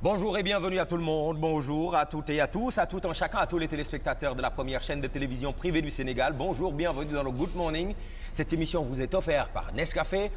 Bonjour et bienvenue à tout le monde, bonjour à toutes et à tous, à tout un chacun, à tous les téléspectateurs de la première chaîne de télévision privée du Sénégal. Bonjour, bienvenue dans le Good Morning. Cette émission vous est offerte par Nescafé.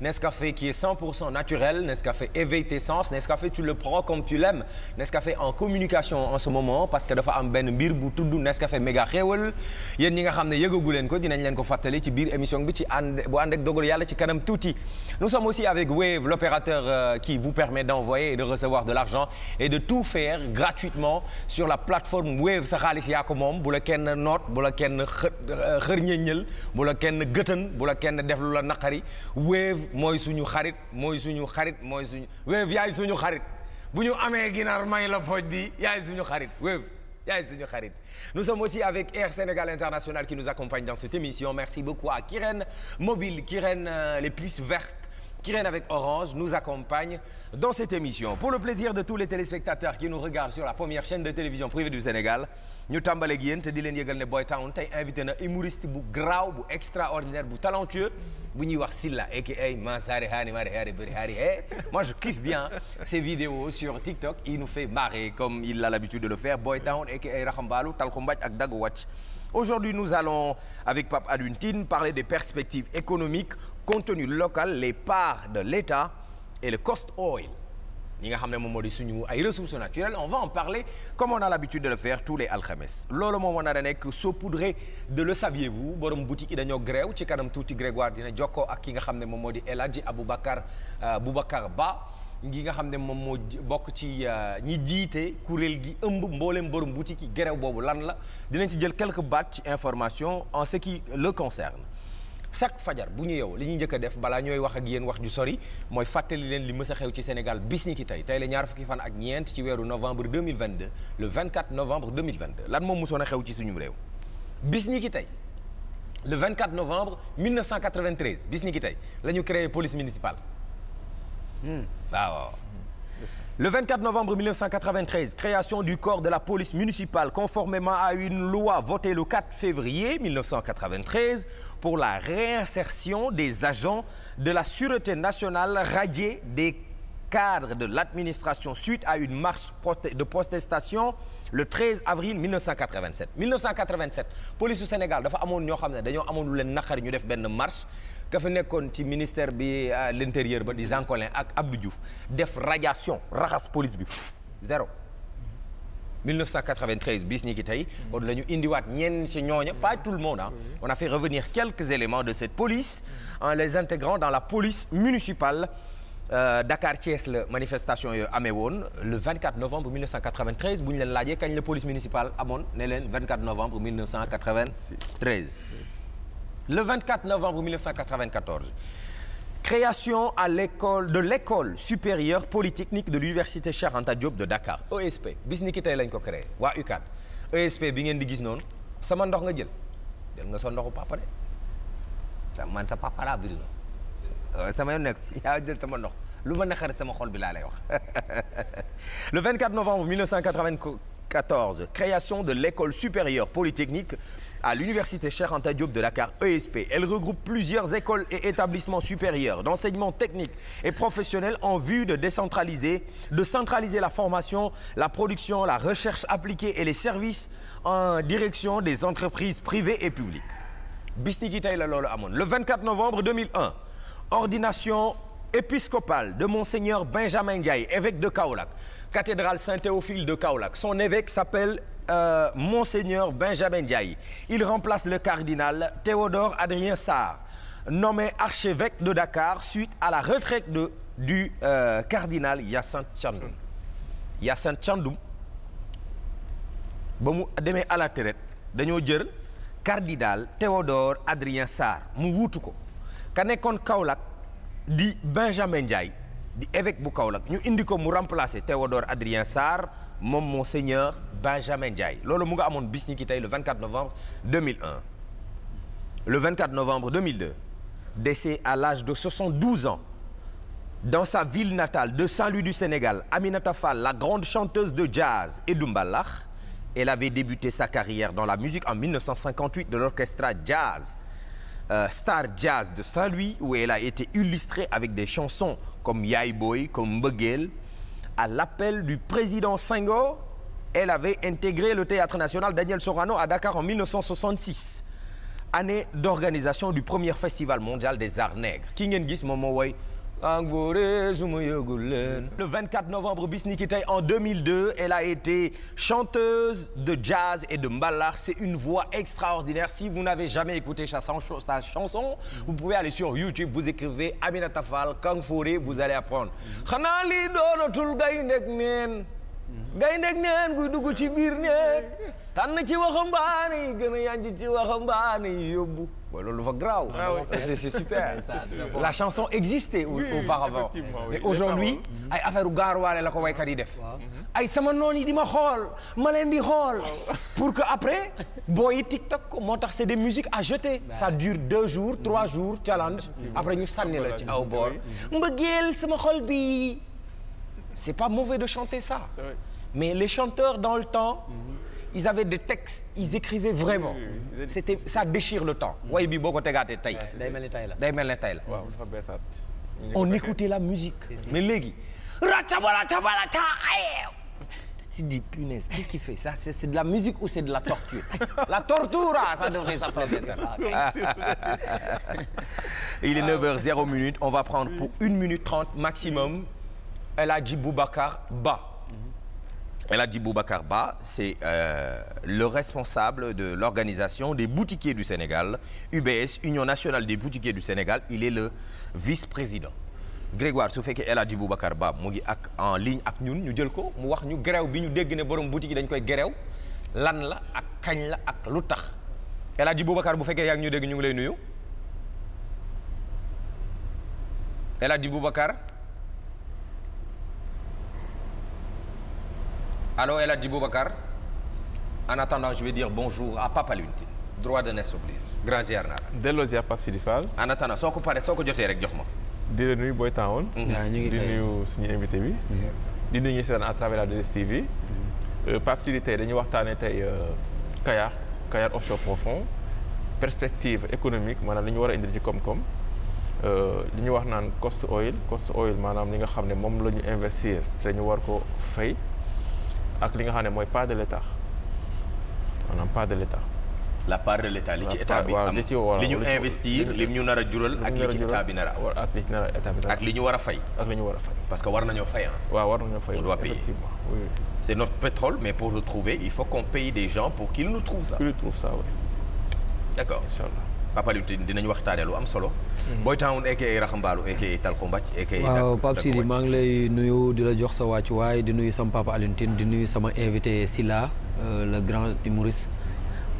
Nescafé qui est 100% naturel, Nescafé éveille tes sens, Nescafé tu le prends comme tu l'aimes. Nescafé en communication en ce moment parce que dafa am benn mbir bu tudd Nescafé méga xéewal yéen ñi nga xam ne yëgagu leen ko dinañ leen ko fàttali ci biir émission bi ci ànd bu ànd ak dogal yàlla ci kanam tuuti. Nous sommes aussi avec Wave l'opérateur euh, qui vous permet d'envoyer et de recevoir de l'argent et de tout faire gratuitement sur la plateforme Wave sa xaalis yaa ko moom bu la kenn noot bu la kenn xë euh, xërñëñal bu la kenn gëtën bu la kenn def lu la naqari Wave wave mooy suñu xarit mooy suñu xarit mooy suñu wave yaay suñu xarit bu ñu amee ginaar may la pooj bi yaay suñu xarit wave yaay suñu xarit nous sommes aussi avec Air Sénégal International qui nous accompagne dans cette émission merci beaucoup à Kiren Mobile Kiren euh, les puces vertes qui règne avec Orange nous accompagne dans cette émission pour le plaisir de tous les téléspectateurs qui nous regardent sur la première chaîne de télévision privée du Sénégal ñu tàmbaleeg yéen te di leen yëgal ne Boy Town tey invité na humoriste bu graw bu extraordinaire bu talentueux bu ñuy wax Silla aka Mansari Hani Mari Hari Bari Hari eh, moi je kiffe bien ces vidéos sur TikTok il nous fait marrer comme il a l'habitude de le faire Boy Town aka Raxambalu Talko Mbaj Aujourd'hui, nous allons, avec Pape Aluntine, parler des perspectives économiques, contenu local, les parts de l'État et le cost oil. ñi nga xam ne moom moo di suñu ay ressources naturelles on va en parler comme on a l'habitude de le faire tous les alxames loolu moom moo nar a nekk saupoudré de le saviez-vous borom boutique yi dañoo gréew ci kanam tuuti Grégoire dina jokkoo ak ki nga xam ne moom moo di El Hadji Aboubacar euh, Boubacar Ba ngi nga xam ne moom moo bokk ci euh, ñi jiite kuréel gi ëmb mbooleem borom boutique yi gerew boobu lan la dinañ ci jël quelques baat ci information en ce qui le concerne chaque fajar bu ñu yow li ñuy njëkk def balaa ñooy wax ak yéen wax ju sori mooy fàttali leen li mës a xew ci Sénégal bis ñi ki tey tey la ñaar fukki fan ak ñeent ci weeru novembre 2022 le 24 novembre 2022 lan moom mosoon a xew ci suñu réew bis ñi ki tey le 24 novembre 1993 bis ñi ki tey la ñu créé police municipale Hmm. Ah, waaw le 24 novembre 1993 création du corps de la police municipale conformément à une loi votée le 4 février 1993 pour la réinsertion des agents de la sûreté nationale radiés des cadres de l'administration suite à une marche de protestation le 13 avril 1987 1987 police du Sénégal dafa amoon ñoo xam ne dañoo amoon leen naqari ñu def benn marche ka fa nekkoon ci ministère bi l' ba di Jean Collin ak Abdou Diouf def radiation raxas police bi zéro 1993 bis ñi ki tey kon la ñu indiwaat ñeen ci ñooña pas tout le monde ah on a fait revenir quelques éléments de cette police en les intégrant dans la police municipale Euh, Dakar Thiès la manifestation yooyu amee woon le 24 novembre 1993 bu ñu leen laajee kañ la police municipale amoon ne leen novembre le 24 novembre 1994 création à l'école de l'école supérieure polytechnique de l'université Cheikh Anta Diop de Dakar ESP bis ni ki tey lañ ko créé waa UCAD ESP bi ngeen di gis noonu sama ndox nga jël jël nga sa ndox papa de sa man sa papa laa biri na sama yoon nekk jël sama ndox lu ma ne naqari sama xol bi laa lay wax le 24 novembre 1994 14. Création de l'école supérieure polytechnique à l'université Cheikh Anta Diop de Dakar ESP. Elle regroupe plusieurs écoles et établissements supérieurs et professionnel en vue de décentraliser, de centraliser la formation, la production, la recherche appliquée et les services en direction des entreprises privées et publiques. Bis ni tey la loolu amoon le 24 novembre 2001 ordination épiscopale de Monseigneur Benjamin Ndiaye évêque de Kaolack cathédrale Saint-Théophile de Kaolack son évêque s'appelle euh, Monseigneur Benjamin Ndiaye il remplace le cardinal Théodore Adrien Sarr nommé archevêque de Dakar suite à la retraite du euh, cardinal Hyacinthe Thiandoum Hyacinthe Thiandoum ba mu demee à la retraite dañoo jël cardinal Théodore Adrien Sarr mu wuutu ko ka nekkoon Kaolack di Benjamin Ndiaye di évêque bu Kaolack ñu indi ko mu remplacer Théodore Adrien Sarr moom monseigneur Benjamin Ndiaye loolu mu nga amoon bis ñi ki tey le 24 novembre 2001 le 24 novembre 2002 décès à l'âge de 72 ans dans sa ville natale de Saint-Louis du Sénégal Aminata Fall la grande chanteuse de jazz et d'Umbalax elle avait débuté sa carrière dans la musique en 1958 de l'orchestre euh, Star Jazz de Saint-Louis où elle a été illustrée comme Yaay Boy comme Mbëggeel à l'appel du président Senghor elle avait intégré le Théâtre national Daniel Sorano à Dakar en 1966 premier festival mondial des arts nègres ngeen gis moom moo le 24 novembre bis ni ki tey en 2002 elle a été chanteuse de jazz et de mbalax c'est une voix extraordinaire si vous n'avez jamais écouté sa chanson vous pouvez aller sur YouTube vous écrivez Aminata Fall Kang vous allez apprendre xanaa lii doonatul gayndeg neen gayndeg neen guy dugg ci biir néeg tànn ci waxambaane yi gën quoi loolu dafa grave. ah oui c' est super. la chanson existait auparavant mais aujourd'hui ay affaire gaaruwaale la ko waykat yi def. ay sama noon yi di ma xool ma leen xool. pour que après booy yi TikTok moo tax c' est des musiques à jeter. ça dure deux jours trois jours challenge. Mm-hmm. après ñu mm-hmm. sànni la ci mm-hmm. aw boor. mbëggeel sama xol bi c' est pas mauvais de chanter ça. mais les chanteurs dans le temps. ils avaient des textes ils écrivaient déchire le temps. Mm-hmm. way bi boo ko tegaatee tey. day mel ni tey la day mel ni tey la. waaw on écoutait la musique. mais léegi. tu dis punaise qu'est-ce qu'il fait c'est, de la musique ou c'est de la torture la tortura ça devrait s'appeler ah, ah, il est 9h0 on va prendre pour maximum El Hadji Boubacar El Hadji Boubacar Ba c'est euh, le responsable de l'organisation des boutiquiers du Sénégal UBS Union nationale des boutiquiers du Sénégal il est le vice-président Grégoire su fekkee El Hadji Boubacar Ba mu ngi ak en ligne ak ñun ñu jël ko mu wax ñu grève bi ñu dégg ne borom boutique yi dañ koy grève lan la ak kañ la ak lu tax El Hadji Boubacar bu fekkee yaa ngi ñu dégg ñu ngi lay nuyu El Hadji Boubacar aloo El Hadji Boubacar en attendant je vais dire bonjour à Papa Luntin droit de naissance oblige grand ziar naa la. delloo ziar Pape Sidi Fall. en soo ko paree soo ko jotee rek jox ma. di la nuyu booy temps woon. di nuyu suñu invité bi. Mm-hmm. di nuyu ñu si à travers la 2STV. Mm-hmm. Euh, Pape Sidi tey dañuy waxtaanee tey euh, Kayar Kayar offshore profond perspective économique maanaam li ñu war a indil ci koom-koom euh, li ñu wax naan cost oil cost oil maanaam li nga xam ne moom la ñu investir te ñu war ko fay. ak li nga xam ne mooy part de l' état maanaam part l' état. la part de l' li ci état bi am li ñu investir li ñu nar a jural ak li ci état bi nar a ak li ci a état bi nar a ak li ñu war a fay. ak li ñu war parce que war nañoo fay ah. waaw war nañoo fay on doit payer effectivement notre pétrole mais pour le trouver il faut qu'on paye des gens pour qu'ils nous trouvent ça. qu'ils nous trouvent ça oui. d' accord incha Papa Alioune dinañ waxtaanee lu am solo. Mhm. Boy Town aka Raxambaalu aka Talko Mbac aka waaw Pape Sidi maa ngi lay nuyu di la jox sa wàccuwaay di nuyu sama Papa Alioune di nuyu sama invité Silla euh, la grand humoriste.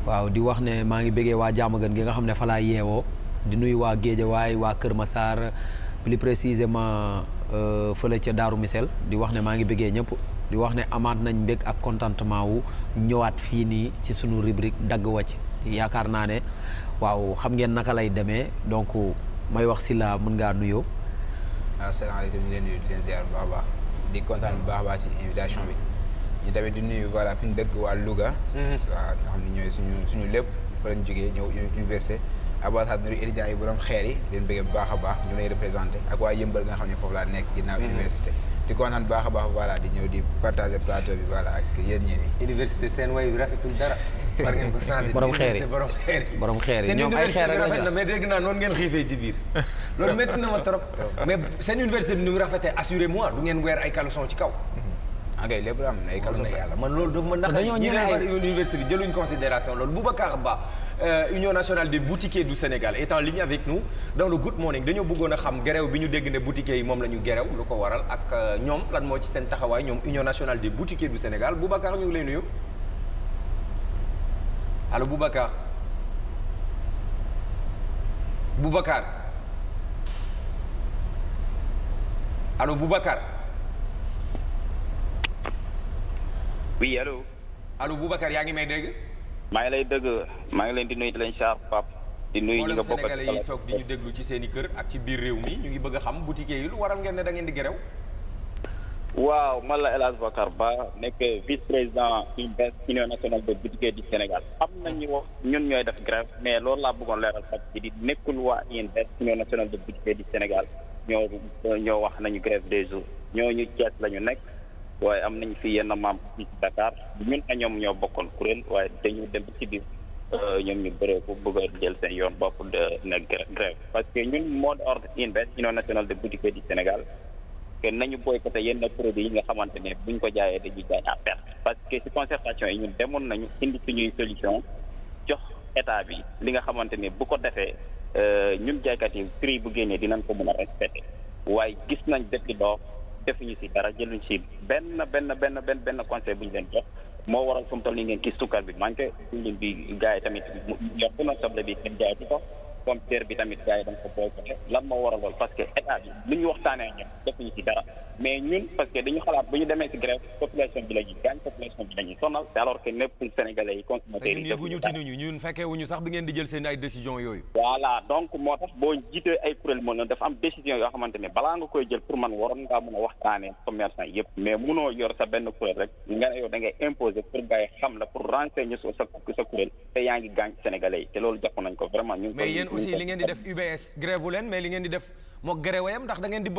waaw di wax ne maa ngi bëggee waa Diamaguène gi nga xam ne fa laa yeewoo di nuyu waa Guédiawaye waa Kër Massar plus précisément euh, fële ca Daaru Misel di wax ne maa ngi bëggee ñëpp. di wax ne amaat nañ mbég ak contentement wu ñëwaat fii nii ci sunu rubrique dagg wàcc yaakaar naa ne waaw xam ngeen naka lay demee donc may wax si la mun ngaa nuyoo. asalaamaaleykum ñu leen nuyu di leen ziar bu baax a di kontaan bu baax a baax ci bi ñu tamit di nuyu voilà fi ñu dëkk waa Louga. Mhm. waaw nga xam ne ñooy suñu suñu lépp fa lañ jógee ñëw université ambassade nuru étudiants yi borom xeer yi leen bëggee bu baax a baax ñu lay représenté ak waa yëmbal nga xam ne foofu laa nekk ginnaaw mhm. université. di kontaan bu baax a baax voilà di ñëw di partager plateau bi voilà ak yéen ñii. université seen way bi rafetul dara. war ngeen ko changer borom xeer yi borom ñoom ay xeer rek la ñu dégg naa noonu ngeen xiifee ci biir loolu métti na ma trop mais seen université bi ni mu rafetee assuré moi du ngeen weer ay caleçon ci kaw ok mm-hmm. ah, lépp am na ay caleçon na yàlla man loolu dafa ma naxa ñi defar université bi jëluñ considération loolu Boubacar Ba euh, Union nationale des boutiquiers du Sénégal est en ligne avec nous dans le Good Morning dañoo bëggoon a xam gerew bi ñu dégg ne boutiquiers yi moom la ñu gerew lu ko waral ak euh, ñoom lan moo ci seen taxawaay ñoom Union nationale des boutiquiers du Sénégal Boubacar ñu ngi lay nuyu allo Boubacar Boubacar allo Boubacar. oui allo. allo Boubacar yaa ngi may dégg. maa ngi lay dégg maa ngi leen di nuyu di leen saa Pape. di nuyu ñi nga bokk sénégalais yi toog di ñu déglu ci seen kër ak ci biir réew mi ñu ngi bëgg xam boutiquier yi lu waral ngeen ne dangeen di gerew waaw man la El Hadj Bakar Ba nekk vice président UNBES union nationale des boutiquiers du Sénégal am nañu wax ñun ñooy def grève mais loolu laa bëggoon leeral faj ci di nekkul waa UNBES union nationale des boutiquiers du Sénégal ñoo ñoo wax nañu grève des jours ñooñu Thiès la ñu nekk waaye am nañu fi yenn membre fii ci Dakar ñun ak ñoom ñoo bokkoon kuréel waaye dañu dem ci biir euh, ñoom ñu bëree ko bëgg a jël seen yoon bopp de nekk grève parce que ñun mot d'ordre UNBES union nationale des boutiquiers du Sénégal que nañu boycotté yenn produit yi nga xamante ne buñ ko jaayee dañuy jaay à perte parce que ci concertation yi ñun demoon nañu indi ñuy solution jox état bi li nga xamante ne bu ko defee euh, ñun jaaykat yi prix bu génnee dinañ ko mën a respecté waaye gis nañ depuis lors defuñu ci dara jëluñ ci benn benn benn benn benn conseil bu leen jox moo waral fu mu toll nii ngeen gis sukkar bi manqué dundin bi gars yi tamit yokku na soble bi kenn jaay ci ko pompier bi tamit gars yi dañ ko boycotté lan moo waral parce que état bi lu ñu waxtaanee ñoom defuñu ci dara mais ñun parce que dañu xalaat bu ñu demee ci grève population bi la ñuy gaañ population bi la ñuy sonal te alors que népp sénégalais yi consommateurs yi ñun yëguñu tinuñu ñun fekkee wuñu sax bi ngeen di jël seen ay décision yooyu voilà donc moo tax boo jiitee ay kuréel mën na dafa am décision yoo xamante ne balaa nga koy jël pour man waroon ngaa mën a waxtaanee commerçant yëpp mais munoo yor xam la pour renseigner sa sa kuréel te yaa ngi gaañ sénégalais yi te loolu jàpp nañ ko aussi li ngeen di def UBS grève wu leen mais li ngeen di def moo grève yam ndax da bu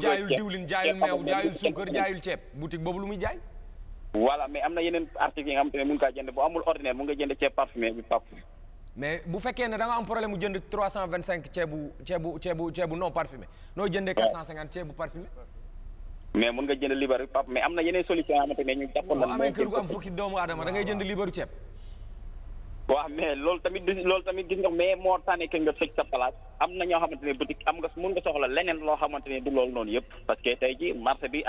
jaayul lu muy jaay voilà mais am na yeneen articles nga xam te ne mun kaa jënd bu amul ordinaire mun nga jënd ceeb parfumé bi pap mais bu ne da nga am problème mu jënd trois cent vingt cinq ceebu ceebu non parfumé noo jëndee quatre cent cinquante ceebu am na yeneen solution yoo xamante amee kër gu am fukki doomu aadama da ngay jënd libaru ceeb waaw mais loolu tamit du loolu tamit gis nga mais moo tane que nga fekk sa place am na ñoo xamante ne boutique am nga mun nga soxla leneen loo xamante ne du loolu noonu yëpp parce que tey ji marché bi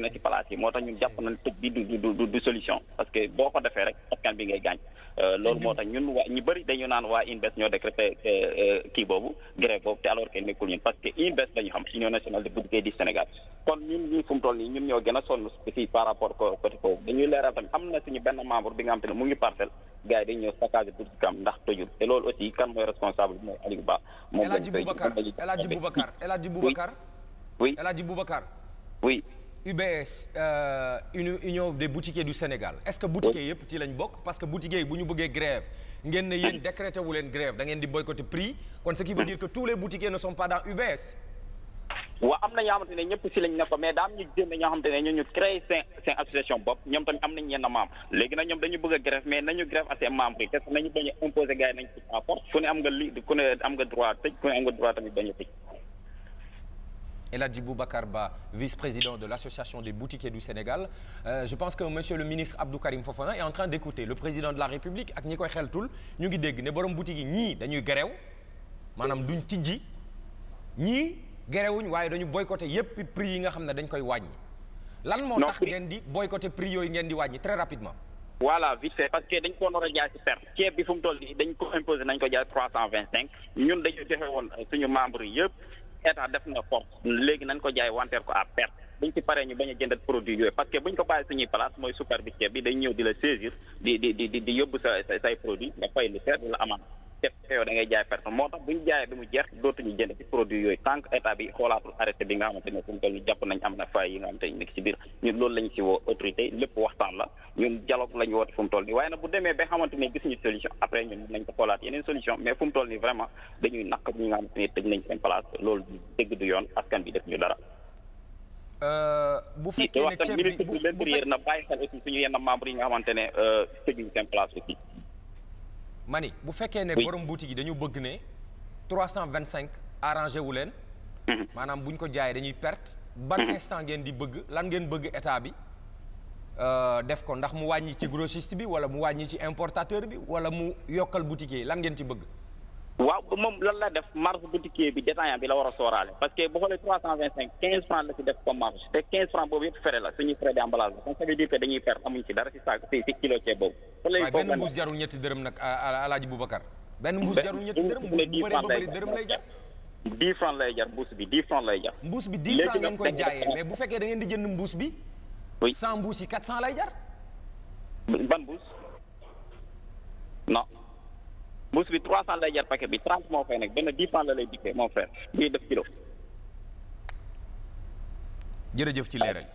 na ci place yi moo bi du du ko defee rek askan bi ngay gaañ euh, loolu moo tax ñun ñoo décrété euh, kii boobu grève boobu te alors mu toll nii ñun a dañuy leeral tamit am na suñu benn membre bi nga xam te ne mu ngi parcelle gars yi dañ blocage ndax tojul te loolu aussi kan mooy responsable bi mooy Aliou Ba. moom lañ koy ji El Hadj Boubacar El Hadj Boubacar. oui El Hadj UBS euh, Union des boutiquiers du Sénégal est-ce que boutiquier yëpp ci lañ bokk parce que boutiquier yi bu ñu bëggee grève ngeen ne yéen décrété wu leen grève da ngeen di boycotter prix kon ce qui veut hmm. dire que tous les boutiquiers ne sont pas dans UBS. waaw am na ñoo xamante ne ñëpp si lañ nekkoon mais daa ñu génn ñoo xamante ne ñu créé seen association bopp ñoom tamit am nañ yenn membre léegi nag ñoom dañu bëgg a grève mais nañu grève à seen membre yi parce que nañu imposé gars yi nañ ci en force am nga li ku am nga droit tëj ku am nga droit tamit bañ tëj El Hadji Boubacar Ba vice-président de l'association des boutiquiers du Sénégal euh, je pense que monsieur le ministre Abdou Karim Fofana est en train d'écouter le président gerewuñ waaye dañu boycotté yépp prix yi nga xam ne dañ koy wàññi lan moo tax ngeen di boycotté prix yooyu ngeen di wàññi très rapidement voilà vite fait parce que dañ ko nar jaay ci ceeb bi fu mu toll nii dañ ko imposé nañ ko jaay trois cent vingt cinq ñun dañu joxe woon suñu membre yi yëpp état def na force léegi nañ ko jaay wanteer ko à perte buñ ci paree ñu bañ a jëndat yooyu parce que buñ ko bàyyi suñuy place mooy super bi ceeb bi di la di di di di yóbbu sa say amaan képp yow da ngay jaay personne moo tax bu ñu jaayee bi mu jeex dootuñu jënd ci produit yooyu tant état bi xoolaatul arrêté bi nga xamante ne fu mu toll ñu jàpp nañ am na faay yi nga xamante woo autorité lépp waxtaan la ñun nii waaye nag bu demee ba xamante ne gisuñu solution après ñun nañ ko xoolaat yeneen solution mais fu mu toll nii vraiment dañuy naq ñi nga xamante tëj nañ seen place loolu dégg du yoon askan bi def ñu dara euh, bu fekkee ne ceeb bi bu fekkee ne ministre de l'intérieur na bàyyi xel aussi yi nga xamante ne euh, tëjuñ seen place ma ni bu fekkee ne borom boutique yi dañu bëgg ne trois cent vingt cinq arrangé wu leen mhm. maanaam bu ko jaayee dañuy perte ban mhm. instant ngeen di bëgg lan ngeen bëgg état bi euh, def ko ndax mu wàññi ci grossiste bi wala mu wàññi ci importateur bi wala mu yokkal boutique yi lan ngeen ci bëgg waaw moom lan la def marge boutiquier bi détaillant bi la war a sooraale parce que bu xoolee trois cent vingt cinq quinze franc la ci def comme marge te quinze franc boobu yëpp fere la suñuy frais d'emballage la donc ça dañuy perte amuñ ci dara ci saako ci ci kilo ceeb boobu. waaye benn mbuus jarul ñetti dërëm nag ah, ah, Alaaji Boubacar. benn mbuus jarul ñetti dërëm mbuus bu bëree ba dërëm lay jar. dix franc lay jar mbuus bi dix franc lay jar. mbuus bi dix franc bu fekkee lay jar. ban mbuus bi trois cent lay jar paquet bi trente moo fay nekk benn dix francs la lay dikkee mon frère bii def kilo. jërëjëf ci leeral.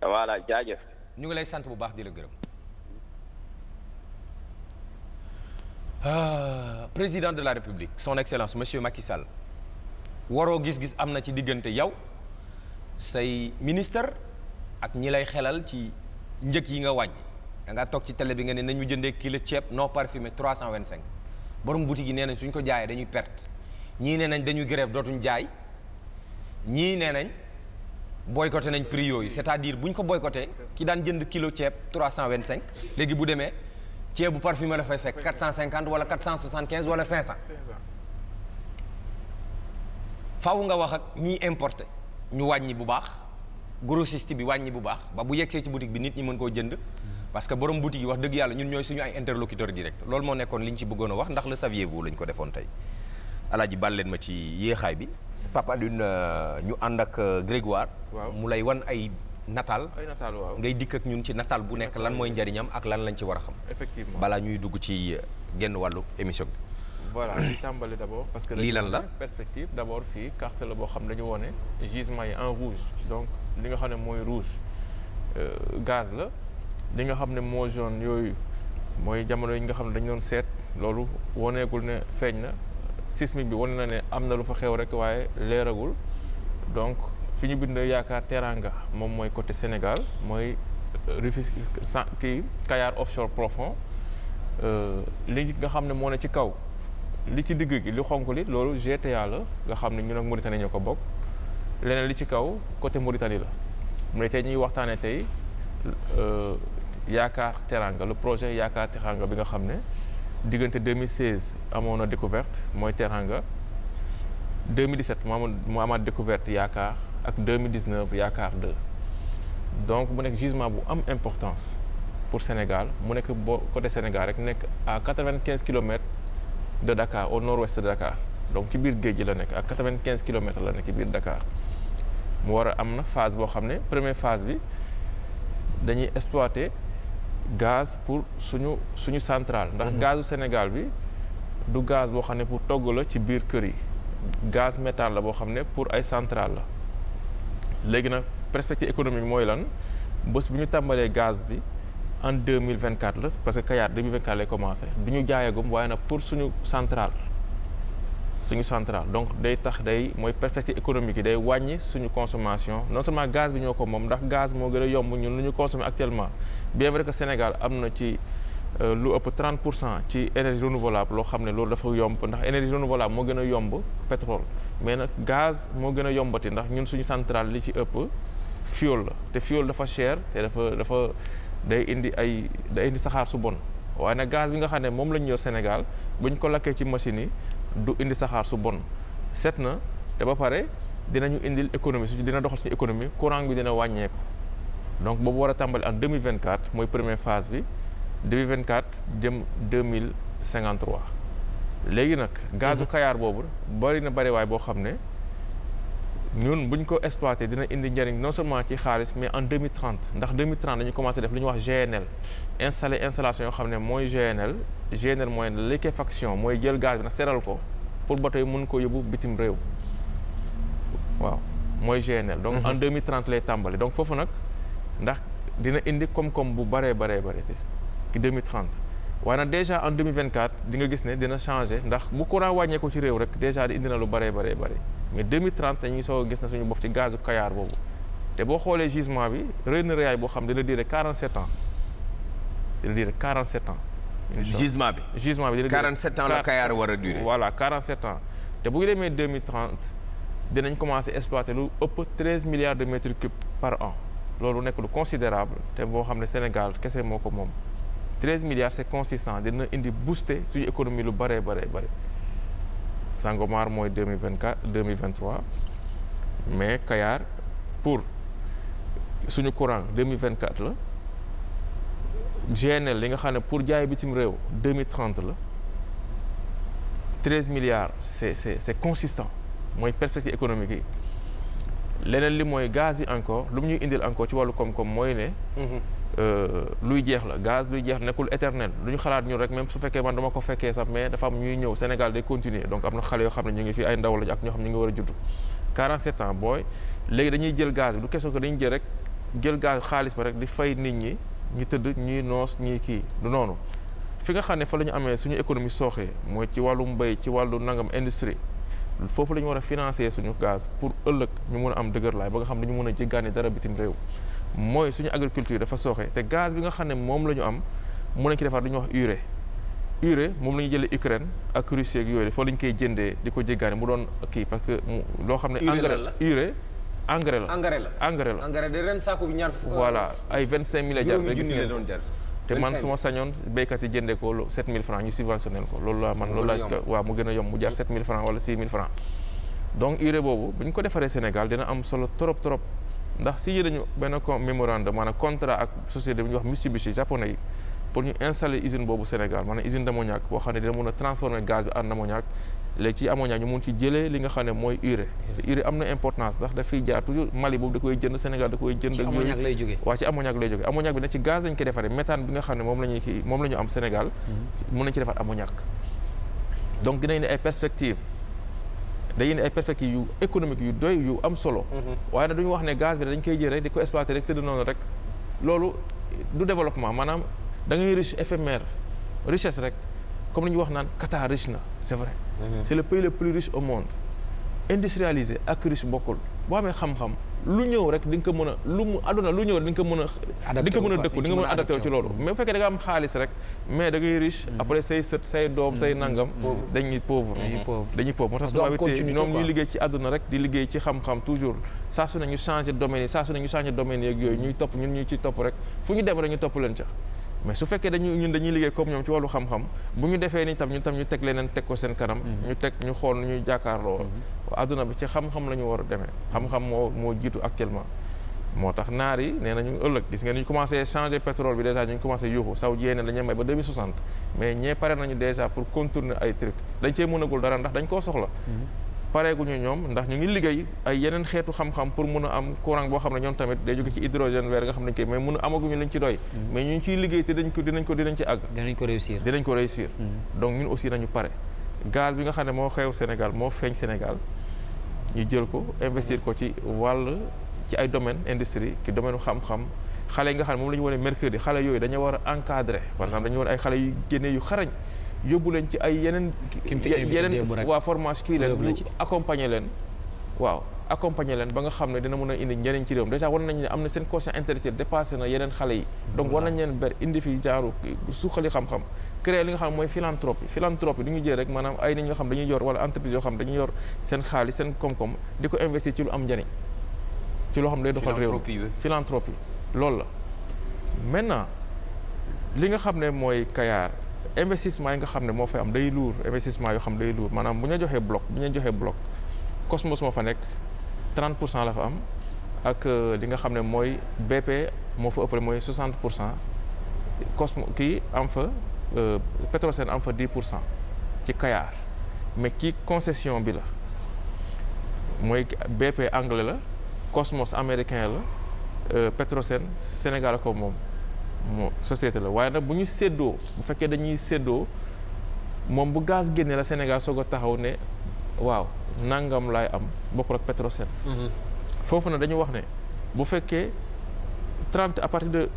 voilà jaaja ñu ngi lay sant bu baax di la gërëm. Ah, président de la république son excellence monsieur Macky Sall waroo gis-gis am na ci diggante yow say ministre ak ñi lay xelal ci njëg yi nga wàññi da nga toog ci télé bi nga ne nañu jëndee kilo ceeb non parfumé trois cent vingt cinq borom boutique yi nee nañ suñ ko jaayee dañuy perte ñii nee nañ dañuy grève dootuñ jaay ñii nee nañ boycotté nañ prix yooyu c'est-à-dire bu ñu ko boycotté ki daan jënd kilo ceeb cinq léegi bu demee ceeb bu parfumé dafay fekk 450 wala 475 wala 500. faaw nga wax ak ñii importé ñu wàññi bu baax grossiste bi wàññi bu baax ba bu yegsee ci boutique bi nit ñi mën koo jënd. parce que borom boutique yi wax dëgg yàlla ñun ñooy suñu ay interlocuteur direct loolu moo nekkoon li ñu ci bëggoon a wax ndax le saviez vous lañ ko defoon tey alaaji baal leen ma ci yéexaay bi Papa na euh, ñu ànd ak euh, Grégoire mu lay wan ay nataal ay nataal waaw ngay dikk ak ñun ci nataal bu nekk lan mooy njariñam ak lan lañ ci war a xam balaa ñuy dugg ci euh, genn wàllu émission bi voilà ñu tàmbali d' parce que lii lan la perspective d' abord fii carte la boo xam dañu wone gisement yi en rouge donc li nga xam ne mooy rouge gaz la li nga xam ne moo zone yooyu mooy jamono yi nga xam ne dañu doon seet loolu woneegul ne feeñ na sismique bi wane na ne am na lu fa xew rek waaye leeragul donc fi ñu bind yaakaar teranga moom mooy côté Sénégal mooy euh, Rufisque kii Kayar offshore profond euh, li nga xam ne moo ne ci kaw li ci digg gi li xonk li loolu GTA la nga xam ne ñun ak Mauritanie ñoo ko bokk leneen li ci kaw côté Mauritanie la mu tey ñuy waxtaanee tey euh, yaakaar teranga le projet yaakaar teranga bi nga xam ne diggante 2016 amoon na découverte mooy teranga 2017 mu amoon mu amaat découverte yaakaar ak 2019 yaakaar donc mu nekk gisement bu am importance pour Sénégal mu nekk boo côté Sénégal rek nekk à 95 kilomètres de Dakar au nord-ouest de Dakar donc ci biir géej gi la nekk à 95 kilomètres la nekk ci biir Dakar mu war am na phase boo xam ne première phase bi dañuy exploité gaz pour suñu suñu centrale ndax mhm. gazu Sénégal bi du gaz boo xam ne pour togg la ci biir kër yi gaz méthane la boo xam ne pour ay centrale la léegi nag perspective économique mooy lan bés bi ñu tàmbalee gaz bi en deux mille vingt quatre la parce que Kayar deux mille lay commencé du ñu jaayee jaayagum waaye nag pour suñu centrale suñu centrale donc day tax day mooy perspective économique yi day wàññi suñu consommation non seulement gaz bi ñoo ko moom ndax gaz moo gën a yomb ñun lu ñu consommer actuellement bien vrai que Sénégal am na ci euh, lu ëpp 30 pour cent ci énergie renouvelable loo xam ne loolu dafa yomb ndax énergie renouvelable moo gën a yomb pétrole mais nag gaz moo gën a yombati ndax ñun suñu centrale li ci ëpp fuel la te fuel dafa cher te dafa dafa day indi ay day indi saxaar su bon waaye nag gaz bi nga xam ne moom la ñu yor Sénégal bu ñu ko lakkee ci machine yi du indi saxaar su bon set na te ba pare dinañu indil économie su dina doxal suñu économie courant bi dina wàññeeku donc boobu war a tàmbali en 2024 mooy première phase bi 2024 jëm 2053 léegi nag gazu mhm. kayaar boobu bari na bari waay boo xam ne ñun buñ ko exploité dina indi njëriñ non seulement ci xaalis mais en 2030 ndax 2030 dañu commencé def li ñuy wax GNL installé installation yoo xam ne mooy GNL GNL mooy liquéfaction mooy jël gaz bi nag seral ko pour bato yi mun ko yóbbu bitim réew waaw mooy GNL donc mhm. en 2030 lay tàmbali donc foofu nag ndax dina indi koom-koom bu baree baree bare ci 2030 waaye nag déjà en 2024 di nga gis ne dina changé ndax bu courant wàññeeku ci réew rek déjà di indi lu baree baree bare mais 2030 ñu ngi soog a gis na suñu bopp ci gazu Kayar boobu te boo xoolee gisement bi rëy na rëyaay boo xam ne dina durer 47 ans dina durer 47 ans. gisement bi gisement bi dina durer 47 ans la Kayar war a durer. voilà te bu ñu demee 2030 dinañ commencer exploiter lu ëpp 13 milliards de mètres cubes par an loolu nekk lu considérable te boo xam ne Sénégal kese moo ko moom 13 milliards c'est consistant dina indi booster suñu économie lu bëree bare bëri. Sangomar mooy deux mille vingt quatre deux mille vingt trois mais Kayar pour suñu courant deux mille vingt quatre la GNL li nga xam ne pour jaay bitim réew deux mille trente la treize milliards c'est c'est c'est consistant mooy perspective économique yi leneen li mooy gaz bi encore lu mu ñuy indil encore ci wàllu koom-koom mooy ne. Mm-hmm. Euh, luy jeex la gaz luy jeex nekkul éternel lu ñu xalaat ñun rek même su fekkee man dama ko fekkee sax mais dafa am ñuy ñëw Sénégal day continuer donc am na xale yoo xam ne ñu ngi fi ay ndaw lañu ak ñoo xam ne ñu ngi war a judd 47 dañuy jël gaz bi du question que dañuy jël rek jël gaz xaalis ba rek di fay nit ñi ñu tëdd ñuy noos ñuy kii du noonu fi nga xam ne fa la ñu amee suñu économie sooxee mooy ci wàllu mbay ci wàllu nangam industrie foofu la ñu war a financer suñu gaz pour ëllëg ñu mën a am dëgër laay ba nga xam ne ñu mën a jéggaani dara bitim réew mooy suñu agriculture dafa sooxe te gaz bi nga xam ne moom la ñu am mun nañu ci defar lu ñuy wax ure urée moom la ñuy jëlee Ukraine ak Russie ak yooyu foofu la ñu koy jëndee di ko jéggaane mu doon kii parce que loo xam ne. engrais la urée engrais la. engrais la engrais la engrais de ren saako bi ñaar voilà ay vingt cinq mille jar te man su sañoon béykat yi jëndee ko sept mille francs ñu subventionnel ko loolu laa man loolu laa waaw mu gën a yomb mu jar sept mille francs wala six mille francs donc urée boobu bu ñu ko defaree Sénégal dina am solo trop trop ndax signé ñu benn con mémorandum maanaam contrat ak société bi ñuy wax Mitsubishi japonais yi pour ñu installer usine boobu Sénégal maanaam usine d'ammoniac boo xam ne dina a transformer gaz bi en ammoniac léegi mun nga xam ne mooy urée te urée am da koy jënd Sénégal da koy jënd ak yooyu waaw ci ammoniac lay jógee ammoniac bi nag ci gaz lañ koy defaree méthane bi nga xam ne moom la ñuy kii moom mhm. nañ ci defar ammoniac donc dinañ ne ay perspectives day indi ay perspectives yu économique yu doy yu am solo. Mm-hmm. waaye nag du wax ne gaz bi dañ koy jël rek di ko exploiter rek tëdd noonu rek. loolu du développement maanaam dangay ngay riche éphémère rek comme li wax naan Qatar riche na c' est vrai. Mm-hmm. c' est le pays le plus riche au monde industrialisé ak riche bokkul. boo amee xam-xam lu ñëw rek dinga nga ko mën a lu mu àdduna lu ñëw rek di nga ko mën a ko mën a dëkku mën a adapté ci loolu mais bu fekkee da nga am xaalis rek mais da ngay riche mm-hmm. après say sët say doom say mm-hmm. nangam dañuy mm-hmm. pauvre dañuy pauvre moo tax tubaab bi ñoom ñuy liggéey ci àdduna rek di liggéey ci xam-xam toujours saa su ne ñu changé domaine yi saa su ñu topp ñun ñu ci topp rek fu ñu dem rek ñu topp leen fekkee dañu ñun dañuy liggéey comme ñoom ci wàllu xam-xam bu ñu defee ni tam ñun tam ñu teg leneen teg ko seen kanam ñu teg ñu xool ñu jàkkaarloo àdduna bi ci xam-xam la ñu war a demee xam-xam moo moo jiitu actuellement moo tax naar yi nee nañu ëllëg gis nga ni ñu commencé changer pétrole bi déjà ñu ngi commencé saw jiyee ne dañuy may ba 2060 mais ñee pare nañu déjà pour contourner ay truc ndax dañ koo soxla mhm. pareeguñu ñoom ndax ñu ngi liggéey ay yeneen xeetu xam pour mun am courant boo xam ne ñoom tamit day ci hydrogène vert nga xam ne dañ koy mais a amaguñu lañ ci doy mhm. mais ñu ngi ciy liggéey ko dinañ ko dinañ ci àgg ko réussir dinañ ko réussir mhm. donc ñun aussi nañu pare gaz bi nga xam ne moo xew Sénégal moo feeñ Sénégal ñu jël ko investir ko ci wàll ci ay domaine industrie ki domaine xam-xam xale yi nga xam ne moom la ñu wane mercredi xale yooyu dañu war a encadrer par exemple dañu wane ay xale yu génnee yu xarañ yóbbu leen ci ay yeneen yeneen waa formation kii leen accompagner leen waaw accompagner leen ba nga xam ne dina mën a indi njëriñ ci réew mi déjà war nañ ne am na seen quotient intellectuel dépassé na yeneen xale yi donc war nañ leen ber indi fi genre suqali xam-xam créer li nga xam ne mooy philanthropie philanthropie du ñu jël rek maanaam ay nit ñoo xam dañuy yor wala entreprise yoo xam dañuy yor seen xaalis seen koom-koom di ko investir ci lu am njëriñ ci loo xam day doxal réew philanthropie loolu la maintenant li nga xam ne mooy Kayar investissement yi nga xam ne moo fay am day lourd investissement yoo xam day lourd maanaam bu ñu joxee bloc bu ñu joxee bloc Cosmos moo fa nekk 30 pour cent la fa am ak euh, li nga xam ne mooy BP moo fa ëppale mooy 60 pour cent Cosmo kii am fa euh, Petrosen am fa 10 pour cent ci Kayar mais kii concession bi la mooy bépp anglais la Cosmos américain la euh, Petrosen Sénégal ko moom moo société la waaye nag bu ñu séddoo bu fekkee dañuy séddoo moom bu gaz génnee la Sénégal soog a taxaw ne. waaw nangam laay am bokkul ak Petrosen. Mhm. foofu na dañu wax ne bu fekkee trente à de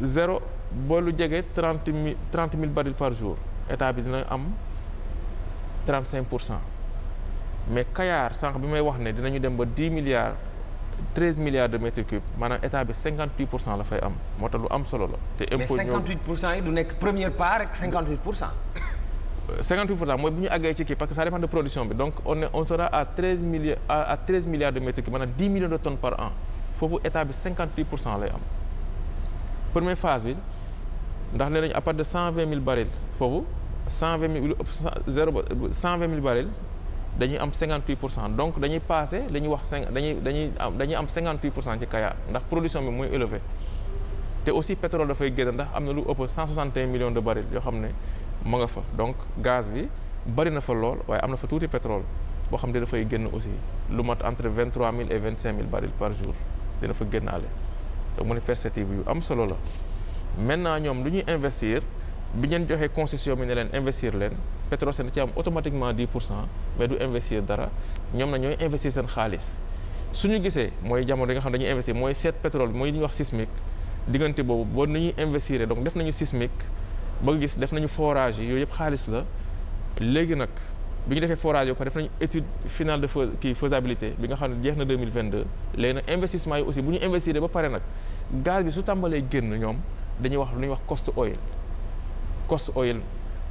zéro boo lu jege trente mille trente mille barils par jour état bi dina am trente cinq pour cent mais Kayar sànq bi may wax ne dinañu dem ba dix milliards treize milliards de mètres cubes maanaam état bi cinquante huit pour cent la fay am moo tax lu am solo la. te impôt mais cinquante huit yi du nekk première part rek cinquante huit pour cent. 58 pour cent mooy bu ñu àggee ci kii parce que ça dépend de production bi donc on est on sera à 13 milliards à 13 milliards de mètres cubes maanaam 10 millions de tonnes par an foofu état bi lay am. première phase bi ndax ne nañu à partir de 120 000 barils foofu 120 000 lu ëpp 120 dañuy am 58 pour cent donc dañuy passé li ñuy wax cinq dañuy dañuy am dañuy am 58 pour cent ci Kayar bi mooy élevée te aussi pétrole dafay génn ndax am na lu ëpp 161 millions de barils yoo xam ne. mu nga fa donc gaz bi bari na fa lool waaye am na fa tuuti pétrole boo xam ne dafay génn aussi lu mat entre vingt trois mille et vingt cinq mille barils par jour dina fa ale donc mu ne perspective yu am solo la maintenant ñoom lu ñuy investir bi ngeen joxee concession bi ne leen investir leen Petrosen da ci am automatiquement di pour cent mais du investir dara ñoom na ñooy investir seen xaalis su ñu gisee mooy jamono yi nga xam ne dañuy investir mooy seet pétrole mooy ñuy wax sismique diggante boobu boo ni investir donc def nañu sismique ba nga gis def nañu forage yi yooyu yëpp xaalis la léegi nag bi ñu defee forage yi ba pare def nañu étude finale de kii faisabilité bi nga xam ne jeex na 2022 léegi nag investissement yi aussi bu ñu investir ba pare nag gaz bi su tàmbalee génn ñoom dañuy wax lu ñuy wax cost oil cost oil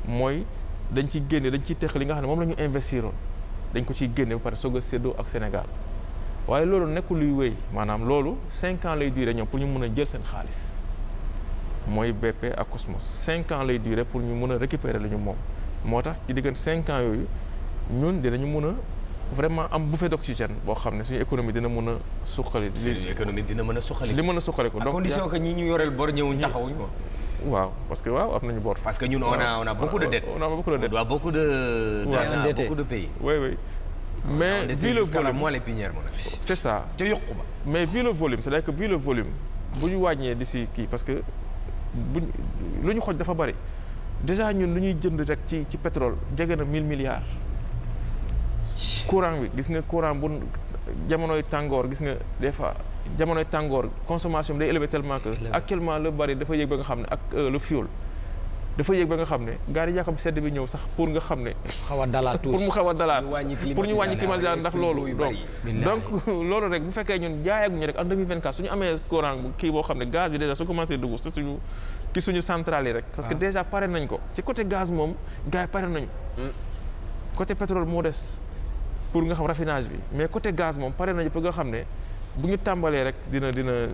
mooy dañ ci génne dañ ciy teq li nga xam ne moom la ñu investiroon dañ ko ciy génne ba pare soog a séddoo ak Sénégal waaye loolu nekkul luy wéy maanaam loolu cinq ans lay duré ñoom pour ñu mën a jël seen xaalis mooy BP ak Cosmos cinq ans lay durer pour ñu mën a récupérer lu moom moo tax ci diggante cinq ans yooyu ñun dinañu mën a vraiment am bouffée d'oxygène boo xam ne suñu économie dina mën a suqali. suñu économie dina mën a suqali. li mën a suqali ko donc à condition que ñi ñu yoreel bor ñëwuñ taxawuñ ko. waaw parce que waaw am nañu bor. parce que ñun on a on a beaucoup a beaucoup de dettes on doit waaw beaucoup de pays. oui oui mais. vu le volume c'est ça. te yokku ba mais vu le volume cest ñu wàññee d'ici kii parce que buñ lu ñu xoj dafa bari déjà ñun lu ñuy jënd rek ci ci petrole jege na 1000 milliards. courant bi gis nga courant bu jamonoy tàngoor gis nga des fois jamonoy tàngoor consommation bi day élevé tellement que. actuellement lu bari dafa yëg ba nga xam ne ak euh, le fuel. dafa yéeg ba nga xam ne gaari yàkkam sedd bi ñëw sax pour nga xam ne xaw a dalaat pour mu xaw a dalaat pour ñu wàññi climatisation ndax loolu donc donc loolu rek bu fekkee ñun jaayaguñu rek en 2024 suñu amee courant kii boo xam ne gaz bi déjà su commencé dugg si suñu ki centrale yi rek que ah. déjà pare nañ ko ci côté gaz moom gars yi pare nañu hmm. côté pétrole moo des pour nga xam raffinage bi mais côté gaz moom pare nañu pour nga xam ne bu ñu tàmbalee rek dina dina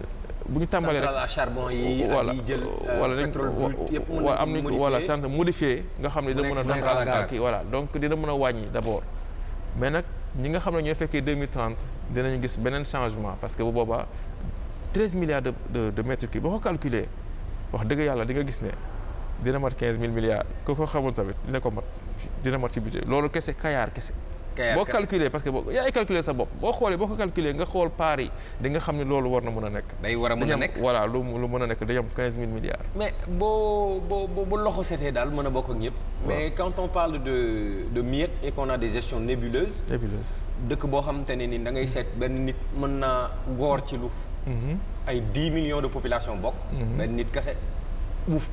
bu ñu tàmbalee rek centrale à charbon yi ak yi jël euh, pétrole brut yëpp mën am nañu voilà centre modifié nga xam ne dina mën a centrale à gaz voilà donc dina mën a wàññi d' abord mais nag ñi nga xam ne ñoo fekkee 2030 dinañu gis beneen changement parce que bu boobaa 13 milliards de de de mètres cubes boo ko calculé wax dëgg yàlla di nga gis ne dina mat 15000 milliards ku ko xamul tamit dina ko mat dina mat ci budget loolu kese kayaar kese boo calculer parce que boo yaay calculer sa bopp boo xoolee boo ko calculer nga xool paar yi di nga xam ne loolu war na mën a nekk. day war a mën a nekk voilà lu lu mën a nekk dañu am 15000 milliards. mais boo boo boo loxo setee daal mën a bokk ak ñëpp. mais quand on parle de de miettes et boo xamante ne ni da ngay seet benn nit mën naa góor ci lu. Mhm. ay 10 millions de population bokk. Mhm. nit kese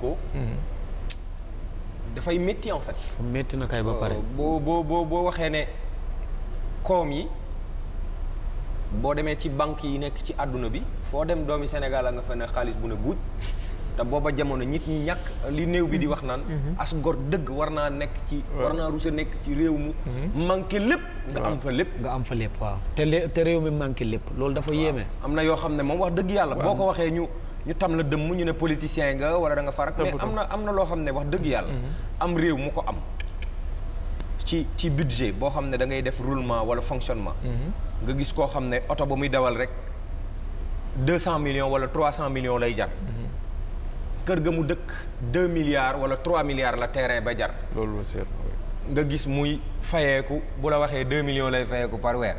ko. Mhm. dafay métti en fait. métti na kay ba pare. Euh, boo boo boo waxee ne. koom yi boo demee ci banque yi nekk ci àdduna bi foo dem doomi Sénégal a nga fa ne xaalis bu ne guuj te booba jamono nit ñi ñàkk li néew bi di wax naan mhm. as dëgg war naa nekk ci war naa rusa nekk ci réew mu mhm. manqué lépp nga am fa lépp nga am fa lépp waaw te te réew mi manqué lépp loolu dafa yéeme am na yoo xam ne moom wax dëgg yàlla boo ko waxee ñu ñu tam la dëmm ñu ne politicien nga wala da nga farak mais am na am na loo xam ne wax dëgg yàlla mhm. am réew mu ko am ci ci budget boo xam ne da ngay def roulement wala fonctionnement. Mhm. nga gis koo xam ne oto ba muy dawal rek deux cent million wala trois cent millions lay jar. Mhm. kër ga mu dëkk deux milliards wala trois milliards la terrain ba jar. loolu nga gis muy fayeeku bu la waxee deux millions lay fayeeku par weer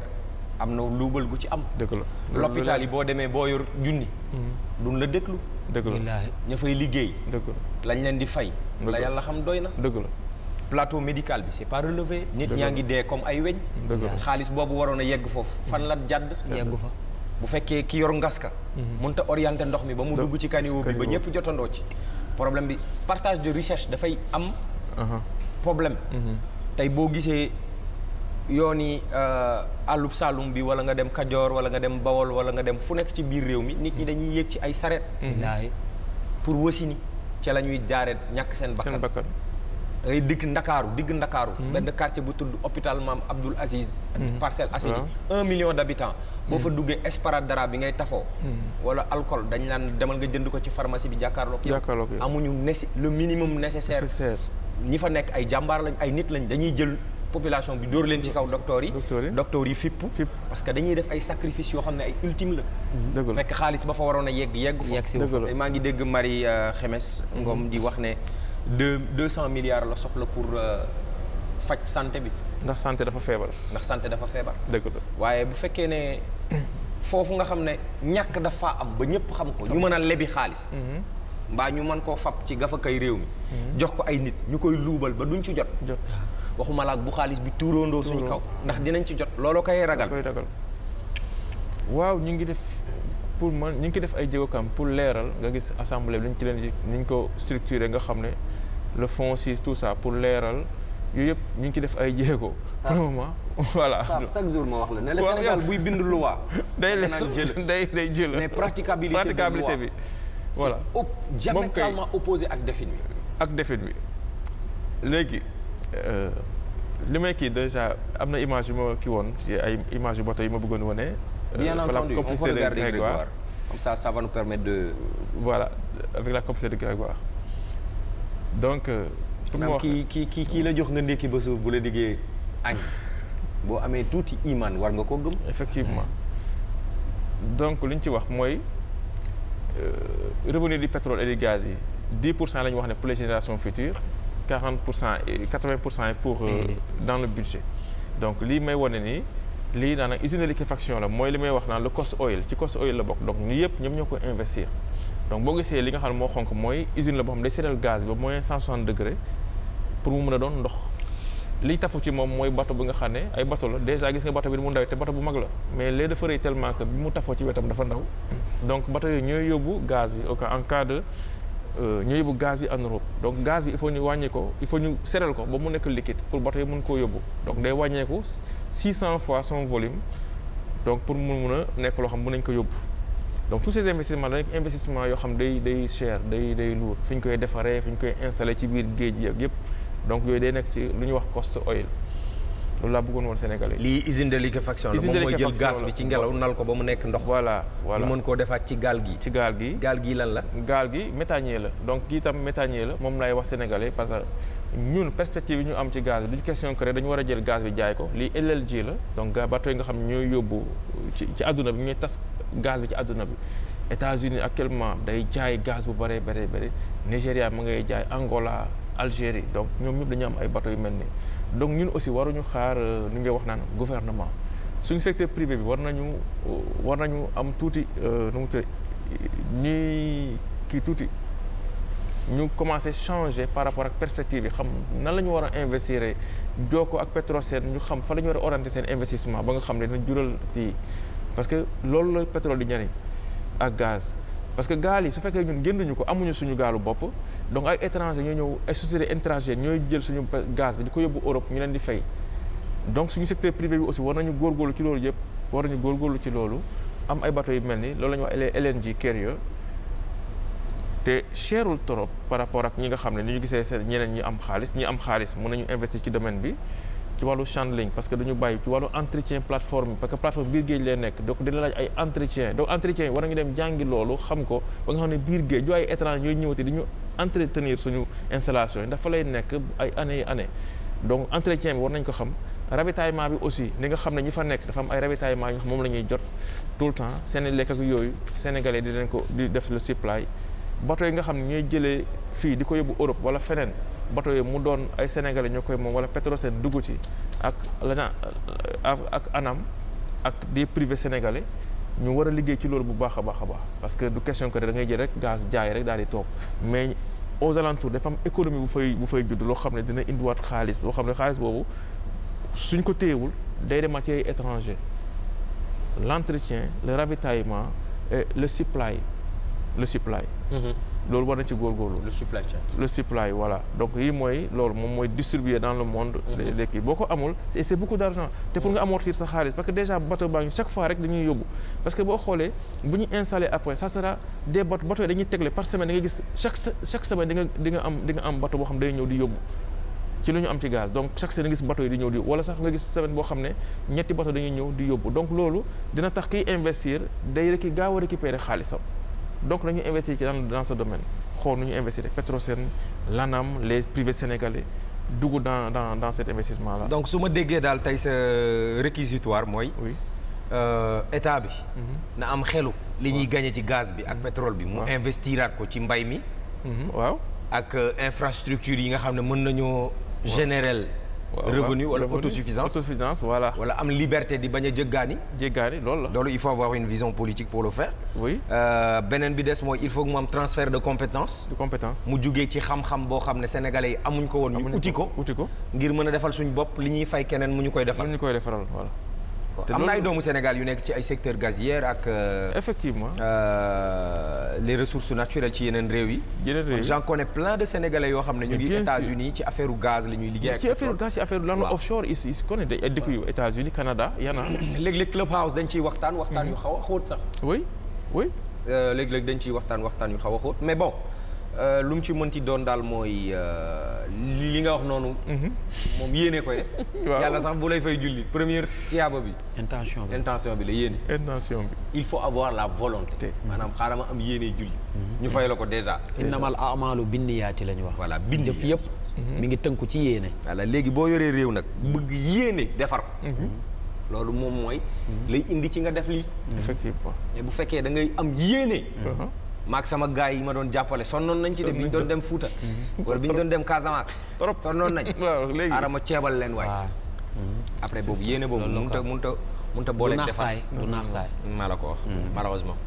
am na luubal gu ci am. dëgg la l'hôpital yi boo demee boo yor junni. Mhm. duñ la déglu. dëgg la ña fay liggéey. dëgg la lañ leen di fay. la yàlla xam doy na dëgg plateau médical bi c'est pas relevé. nit ñaa ngi dee comme ay weñ. xaalis boobu waroon a yegg foofu fan la jàdd. yeggu fa bu fekkee ki yor ngaska. mënut mhm. a orienté ndox mi ba mu dugg ci caniveau bi ba ñëpp jotandoo ci. problème bi partage de richesse dafay am. problème. Mhm. tey boo gisee yooni euh, àllub Saalum bi wala nga dem Kajoor wala nga dem Bawol wala nga dem fu nekk ci biir réew mi nit ñi mhm. dañuy yéeg ci ay sareet. pour wasini ca lañuy ñuy ñàkk seen bakkan. ngay digg ndakaaru digg ndakaaru hmm. benn quartier bu tudd hôpital maam Abdoul Aziz hmm. Parcelles Assainies ah. un million d'habitants boo fa hmm. duggee esparadara bi ngay tafoo wala alcool dañ naan demal nga jënd ko ci pharmacie bi jàkkaarloog yow amuñu nesi le minimum nécessaire ñi fa nekk ay jàmbaar lañ ay nit lañ dañuy jël population bi dóor leen ci kaw docteur yi docteur yi fipp parce que dañuy def ay sacrifice yoo xam ne ay ultime la fekk xaalis ba fa waroon a yegg yegg fa maa ngi dégg Marie euh, Xemes Ngom di wax ne deux deux cent milliards la soxla pour euh, faj santé bi. ndax santé dafa feebar. ndax santé dafa feebar. dëgg waaye bu fekkee ne foofu nga xam ne ñàkk dafa am ba ñëpp xam ko. ñu mën a lebi xaalis. Mhm. mbaa ñu mën koo fab ci gafa kay réew mi. Mhm. jox ko ay nit ñu koy luubal ba duñ ci jot. jot waxuma laak bu xaalis bi tuuroondoo suñu kaw. ndax dinañ ci jot looloo koy ragal. koy ragal waaw ñu ngi def pour man ñu ngi def ay jéego kam pour leeral nga gis assemblée bi ñu ci leen di ni ñu ko structuré nga xam ne. le foncier tout ça pour leeral yooyu yëpp ñu ngi ci def ay jéego. Ah. pour le moment voilà. Ah, chaque jour ma wax la ne la Sénégal buy bind loi. day jël day day jël. mais praticabilité bi praticabilité bi. kay diamétralement ak défi bi. ak défi bi léegi euh, li may kii déjà am na image yu ki kii woon ay image yu bato yi ma bëggoon wane. Euh, bien entendu on peut la complicité de Grégoire. donc. Euh, pour mu wax kii kii kii kii la jox nga ndékki ba suuf bu la diggee añ. boo amee tuuti iman war nga ko gëm. effectivement donc li ñu ci wax mooy euh, revenu du pétrole et du gaz yi 10 pour cent la ñu wax ne pour les générations futures 40 pour cent et 80 pour cent euh, dans le budget. donc lii may wane nii lii daanaka usine de liquéfaction la mooy li may wax naan le cost oil ci cost oil la bokk donc ñu yëpp ñoom ñoo ko investir. donc boo gisee li nga xam ne moo xonk mooy usine la boo xam ne day seetal gaz pour mu mën a doon ndox li tafu ci moom mooy bato bi nga xam ne ay bato la gis bato bi mu ndaw te bu mag la mais léegi dafa que bi mu tafoo ci wetam dafa ndaw donc bato yooyu ñooy yóbbu gaz bi en cas de euh, ñooy yóbbu gaz bi en Europe donc gaz bi il faut ñu wàññi ko il faut ñu seral ko ba mu nekk liquide pour bato yi mën koo yóbbu donc day wàññeeku 600 fois son volume donc pour mu mun a nekk loo xam mën nañ ko yóbbu donc tous ces investissements dañu investissement yoo xam day day cher day day lourd fi ñu koy defaree fi ñu koy installé ci biir géej gi ak yëpp donc yooyu dee nekk ci lu ñuy wax cost oil loolu laa bëggoon woon Sénégalais yi. lii usine de liquéfaction la moom mooy jël gaz bi ci ngelaw nal ko ba mu nekk ndox. voilà voilà ñu mën koo defaat ci gaal gi. ci gaal gi gaal gi lan la. gaal gi méthanier la donc kii tam méthanier la moom laay wax sénégalais parce que ñun perspective yi ñu am ci gaz bi duñ question que dañu war a jël gaz bi jaay ko lii LLG la donc gaz bato yi nga xam ñooy yóbbu ci ci àdduna bi ñooy tas gaz bi ci àdduna bi. États-Unis actuellement day jaay gaz bu bëree bëree bëri Nigéria mu ngay jaay Angola Algérie donc ñoom ñëpp dañu am ay bateau yu mel nii. donc ñun aussi waruñu xaar euh, nu ngay wax naan gouvernement suñu secteur privé bi war nañu euh, war nañu am tuuti euh, nu mu te ñuy kii tuuti ñu commencer changer par rapport ak perspective yi xam nan la ñu war a investir joo ko ak Petrosen ñu xam fa la ñu war a orienter seen investissement ba nga xam ne dina jural kii parce que loolu la pétrole di ñariñ ak gaz. parce que gaal yi su fekkee ñun génduñu ko amuñu suñu gaalu bopp donc ay étranger ñoo ñëw ay société étrangère ñooy jël suñu gaz bi di ko yóbbu Europe ñu leen di fay donc suñu secteur privé bi aussi war nañu góorgóorlu ci loolu yëpp war nañu góorgóorlu ci loolu am ay bateau yu mel ni loolu la ñuy wax LNG carrier te cherul trop par rapport ak ñi nga xam ne ni ñu gisee seen ñeneen ñi am xaalis ñi am xaalis mun nañu investir ci domaine bi ci wàllu handling parce que dañu bàyyi ci wàllu entretien plateforme parce que plateforme biir géej lay nekk donc dina laaj ay entretien donc entretien yi war nañu dem jàngi loolu xam ko ba nga xam ne biir géej ju ay étranger ñooy ñëwati di ñu entretenir suñu installation yi dafa lay nekk ay années yi années donc entretien bi war nañ ko xam ravitaillement bi aussi ni nga xam ne ñi fa nekk dafa am ay ravitaillement yi nga xam moom la ñuy jot tout le temps seen lekk ak yooyu sénégalais di leen ko di def le supply bateau yi nga xam ne ñooy jëlee fii di ko yóbbu Europe wala feneen bateau yi mu doon ay sénégalais ñoo koy moom wala Petrosen dugg ci ak l'agent euh, ak anam ak des privés sénégalais ñu war a liggéey ci loolu bu baax a baax a baax parce que du question que da ngay jël rek gaz jaay rek daal di toog mais aux alentours dafa am économie bu fay bu fay judd loo xam ne dina indiwaat xaalis loo xam ne xaalis boobu suñ ko téyewul day demaat ci ay étranger l'entretien le ravitaillement le supply le supply. Mm-hmm. loolu war na ci góorgóorlu. le supply chain. le supply voilà donc yi mooy loolu moom mooy distribuer dans le monde. Mm-hmm. les boo ko amul c'est c'est beaucoup d'argent. te pour nga mm-hmm. amortir sa xaalis parce que déjà bateau baa ngi chaque fois rek dañuy yóbbu. parce que boo xoolee bu ñu installé après ça sera des bateaux bateaux dañuy tegle par semaine da nga gis chaque chaque semaine di nga di nga am di nga am bateau boo xam day ñëw di yóbbu. ci lu ñu am ci gaz donc chaque semaine nga gis bateau yi di ñëw di wala sax nga gis semaine boo xam ne ñetti bateau dañuy ñëw di yóbbu donc loolu dina tax kiy investir day rek gaaw a récupérer xaalisam. donc nañu investir ci dans dans ce domaine xool nu ñu investir Petrosen l'ANAM les privés sénégalais dugg dans dans dans cet investissement la donc su ma déggee daal tey sa euh, réquisitoire mooy. oui euh, état bi. Mhm. na am xelu. li ñuy gagné ci gaz bi ak mhm. pétrole bi. mu investiraat ko ci mbay mi. Mhm. waaw ak euh, infrastructure yi nga xam ne mën nañoo. général revenu wala autosuffisance autosuffisance voilà. wala am liberté di bañ a jéggaani. jéggaani loolu la. loolu il faut avoir une vision politique pour le faire. oui euh, beneen bi des mooy il faut que mu am transfert de compétence. compétence mu jugee ci xam-xam boo xam ne sénégalais yi amuñ ko woon. amuñ ko uti ko ngir mën a defal suñu bopp li ñuy fay keneen mu ñu koy defal. mu ñu koy defaral am na ay doomu Sénégal yu nekk ci ay secteur gazière ak. Euh, effectivement euh, les ressources naturelles ci yeneen réew yi. yeneen réew yi j'en connais plein de sénégalais yoo xam ne ñu ngi États-Unis ci affaire gaz la ñuy liggéey. ak ci affaire gaz ci affaire lan la offshore ils ils connaissent ay dëkk yu États-Unis Canada y en léeg-léeg clubhouse dañ ciy waxtaan waxtaan yu mhm. xaw a xóot sax. oui oui. Euh, léeg-léeg dañ ciy waxtaan waxtaan yu xaw a xóot mais bon. Euh, lu mu ci mënti doon daal mooy euh, li nga wax noonu. Mhm. moom yéene koy def. yàlla sax bu lay fay julli première tiyaaba bi. intention bi intention bi la yéene. intention bi. il faut avoir la volonté. maanaam xaaral ma am yéene julli. Mhm. ñu fay la ko déjà. innamal amalu binniyaati la ñu wax. voilà binniyaati jëf yëpp. Mhm. mi ngi tënku ci yéene. voilà léegi boo yoree réew nag bëgg yéene defar. loolu moom mooy. lay indi ci nga def lii. effectivement mais bu fekkee da ngay am yéene. Uh-huh. maak sama gars yi ma doon jàppale noon nañ ci de bi ñu doon dem Fuuta wala bi ñu doon dem Casamance trop sonnoon nañ léegi arama ceebal leen waay ah. mm-hmm. après boobu yéene boobu mënta mënta mënta boole defar du naax saay mm-hmm. maa la ko wax mm-hmm. malheureusement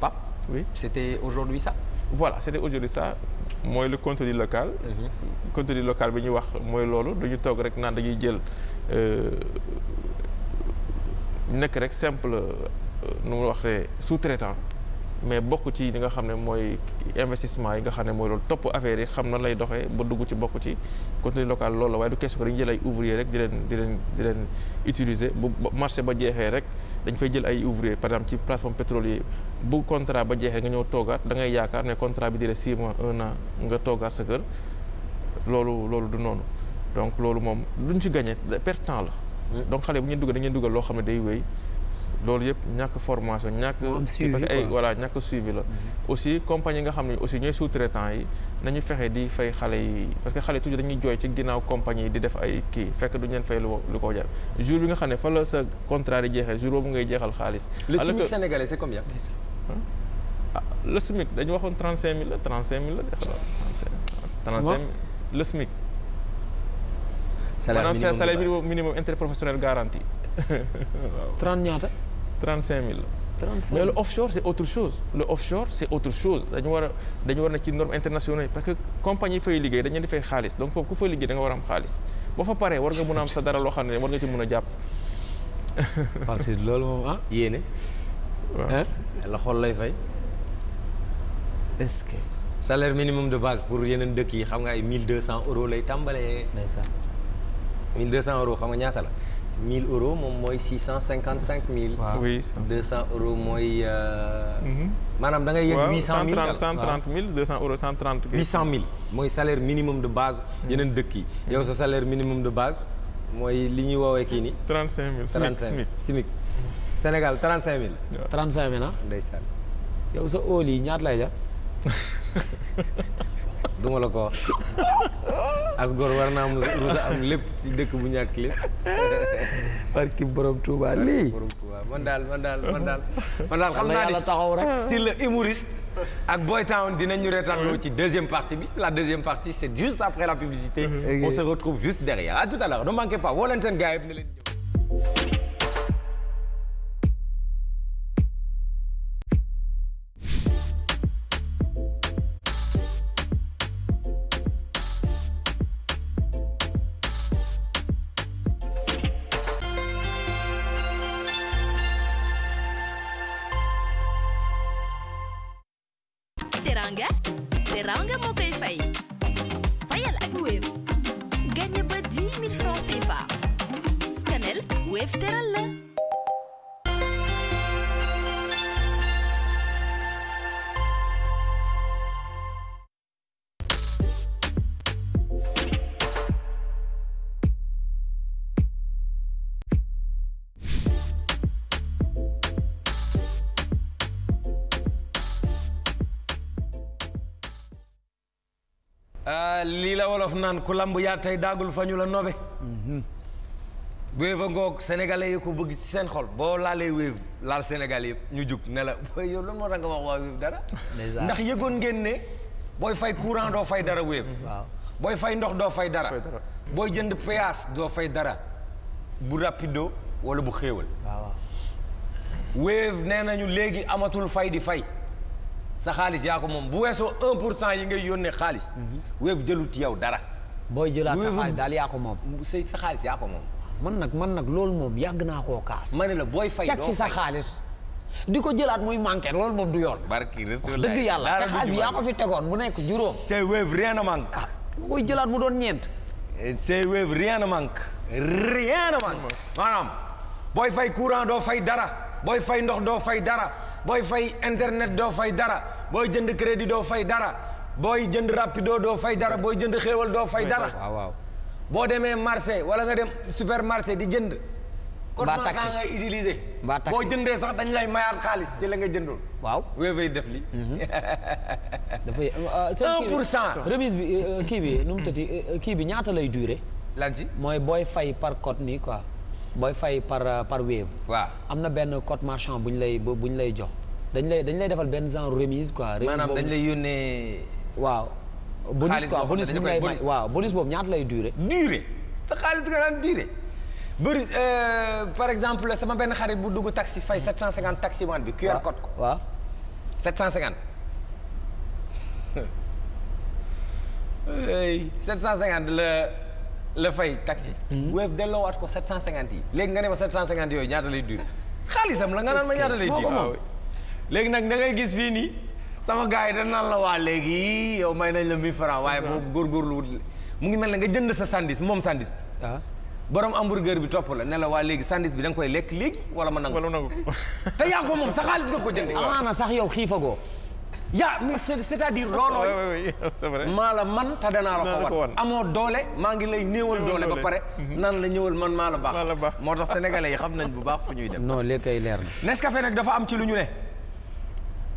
Pape oui c'était aujourd'hui sax voilà c'était aujourd'hui sax mooy le contenu local contenu local bi ñuy wax mooy loolu dañu toog rek naan dañuy jël euh, nekk rek simple euh, nu mu waxee sous-traitant mais bokk ci li nga xam ne mooy investissement yi nga xam ne mooy loolu topp affaire yi xam na lay doxe ba dugg ci bokk ci contenu local loolu la waaye du question que dañuy jël ay ouvrier di leen di leen di bu marché ba jeexee rek dañ fay jël ay ouvrier par exemple ci plateforme pétrolier bu contrat ba jeexee nga ñëw toogaat da ngay yaakaar ne contrat bi di la 6 mois 1 nga toogaat sa kër loolu loolu du noonu donc loolu moom ñu ci gagné perte temps la donc xale bu ñu dugg dañeen duggal loo xam ne day wéy loolu yëpp ñàkk formation ñàkk ay voilà ñàkk suivi la mm-hmm. aussi compagnie nga xam ne aussi ñooy sous-traitant yi nañu fexe di fay xale yi parce que xale toujours dañuy jooy ci ginnaaw compagnie yi di def ay kii fekk du leen fay lu lu ko jar jour bi nga xam ne fa la sa contrat di jeexee jour boobu ngay jeexal xaalis le SMIC sénégalais c'est combien ah le SMIC dañu waxoon trente cinq mille la trente cinq mille la trente cinq mille le SMIC salaire minimum salaire minimum interprofessionnel garanti. 30 ñaata. trente cinq mille la. mais le offshore c' est autre chose le offshore c' est autre chose dañu war a dañu war na ci normes internationales parce que compagnie fay liggéey dañu defee xaalis donc foofu ku fay liggéey da nga war a am xaalis boo fa paree war nga mën a am sa dara loo xam ne war nga ci a jàpp. Pape Sidi loolu moom ah. lay fay. est ce que. de base pour yeneen dëkk yi xam nga ay mille deux cent euros lay tàmbalee. ndeysaan. mille deux cent euros xam nga ñaata la. 1000 euros moom mooy 655 000. waaw oui 200 euros mooy. Euh, mhm. maanaam da ngay yegg 800 000 waaw 130 130 000 200 euros 130. 800 000 mooy salaire minimum de base. Mhm. yeneen dëkk yi mhm. yow sa salaire minimum de base mooy li ñuy woowee kii nii. 35 000 SMIC SMIC Sénégal 35 000. waaw 35 000 ah. ndeysaan. yow sa óol yi ñaata lay jar. du ma la ko wax asgor war naa mu am lépp ci dëkk bu ñàkk lépp. barki borom Touba lii. man daal man daal man daal. man daal xam naa ni taxaw rek si le humoriste. ak Boy Town dinañ ñu reetaan ci deuxième partie bi la deuxième partie c' est après la publicité. Mm-hmm. on se retrouve juste derrière à tout à l'heure ne manquez pas woo leen seen gars yëpp leen ñëw. teranga teranga moo koy fay fayal ak Wave gagné ba 10 000 francs CFA scanel naan ku lamb yaa tey daagul fa ñu la nobe mhm. wéeva ngoog sénégalais yi ko bëgg ci seen xol boo laalee wéev laal sénégalais yëpp ñu jug ne la booy yow loolu moo tax nga wax waa wéev dara ndax yëgoon ngeen ne booy fay courant doo fay dara wéev mhm. booy fay ndox doo fay dara booy jënd péage doo fay dara bu rapido wala bu xéewal wéev nee nañu léegi amatul fay di fay sa xaalis yaa ko moom bu weesoo un pour cent yi ngay yónnee xaalis. Mhm. Wave jëlut ci yow dara. booy jëlaat sa xaalis daal yaako moom. sa sa xaalis yaa moom. man nag man nag loolu moom yàgg naa koo kaas. ma ne la booy fay doo teg sa xaalis. di ko jëlaat muy manqué loolu moom du yoon. barki Rasul dëgg yàlla te xaalis fi tegoon mu nekk juróom. c'est Wave rien à manque. ah jëlaat mu doon ñeent. rien à manque. rien à maanaam booy fay courant doo fay dara. booy fay ndox doo fay dara. booy fay internet doo fay dara booy jënd crédit doo fay dara booy jënd rapido doo fay dara booy jënd xéewal doo fay dara waaw boo demee marché wala nga dem supermarché di jënd code marchand ngay utiliser boo jëndee sax dañ lay mayaat xaalis ci nga jëndoon waaw wéefay def li mhm. dafay euh, euh, pour cent remise bi euh, kii bi nu kii bi ñaata lay durer lan ci mooy booy fay par code nii quoi booy fay par euh, par wave. waaw am na benn code marchand bu ñu lay bu ñu lay jox dañ lay dañ lay defal benn genre remise quoi. remise maanaam dañ lay yónnee. waaw. bonus bu ñu lay may waaw bonus boobu ñaata lay duré. duré sa xaalis nga daan duré. Euh, par exemple sama benn xarit bu dugg taxi fay 750 taxi wan bi. QR code ko waaw 750. ay 750 la. la fay taxi. Hmm. Wave delloowaat ko 750 yi. léegi nga ne ma 750 yooyu ñaata lay dur xaalisam la nga naan ma ñaata lay dur léegi nag da ngay gis fii nii sama gars yi dañ naan la waa léegi yow may nañ la 1000 francs waaye hmm. boo góorgóorlu wut mu ngi mel ne nga jënd sa sandis moom sandis. Ah. borom hamburger bi topp la ne la waa léegi sandis bi da nga koy lekk léegi wala ma nangu. wala nangu te yaa ko moom sa xaalis nga ko jëndee. Ah. amaana sax yow xiifagoo. yaa mais c'est-à-dire loolooy. maa la man te danaa la ko wan amoo doole maa ngi lay néewal doole ba pare. Mhm. nan la ñëwal man maa la baax. maa la baax moo tax sénégalais yi xam na bu baax fu ñuy dem. non léegi kay leer na. Nescafé nag dafa am ci lu ñu ne.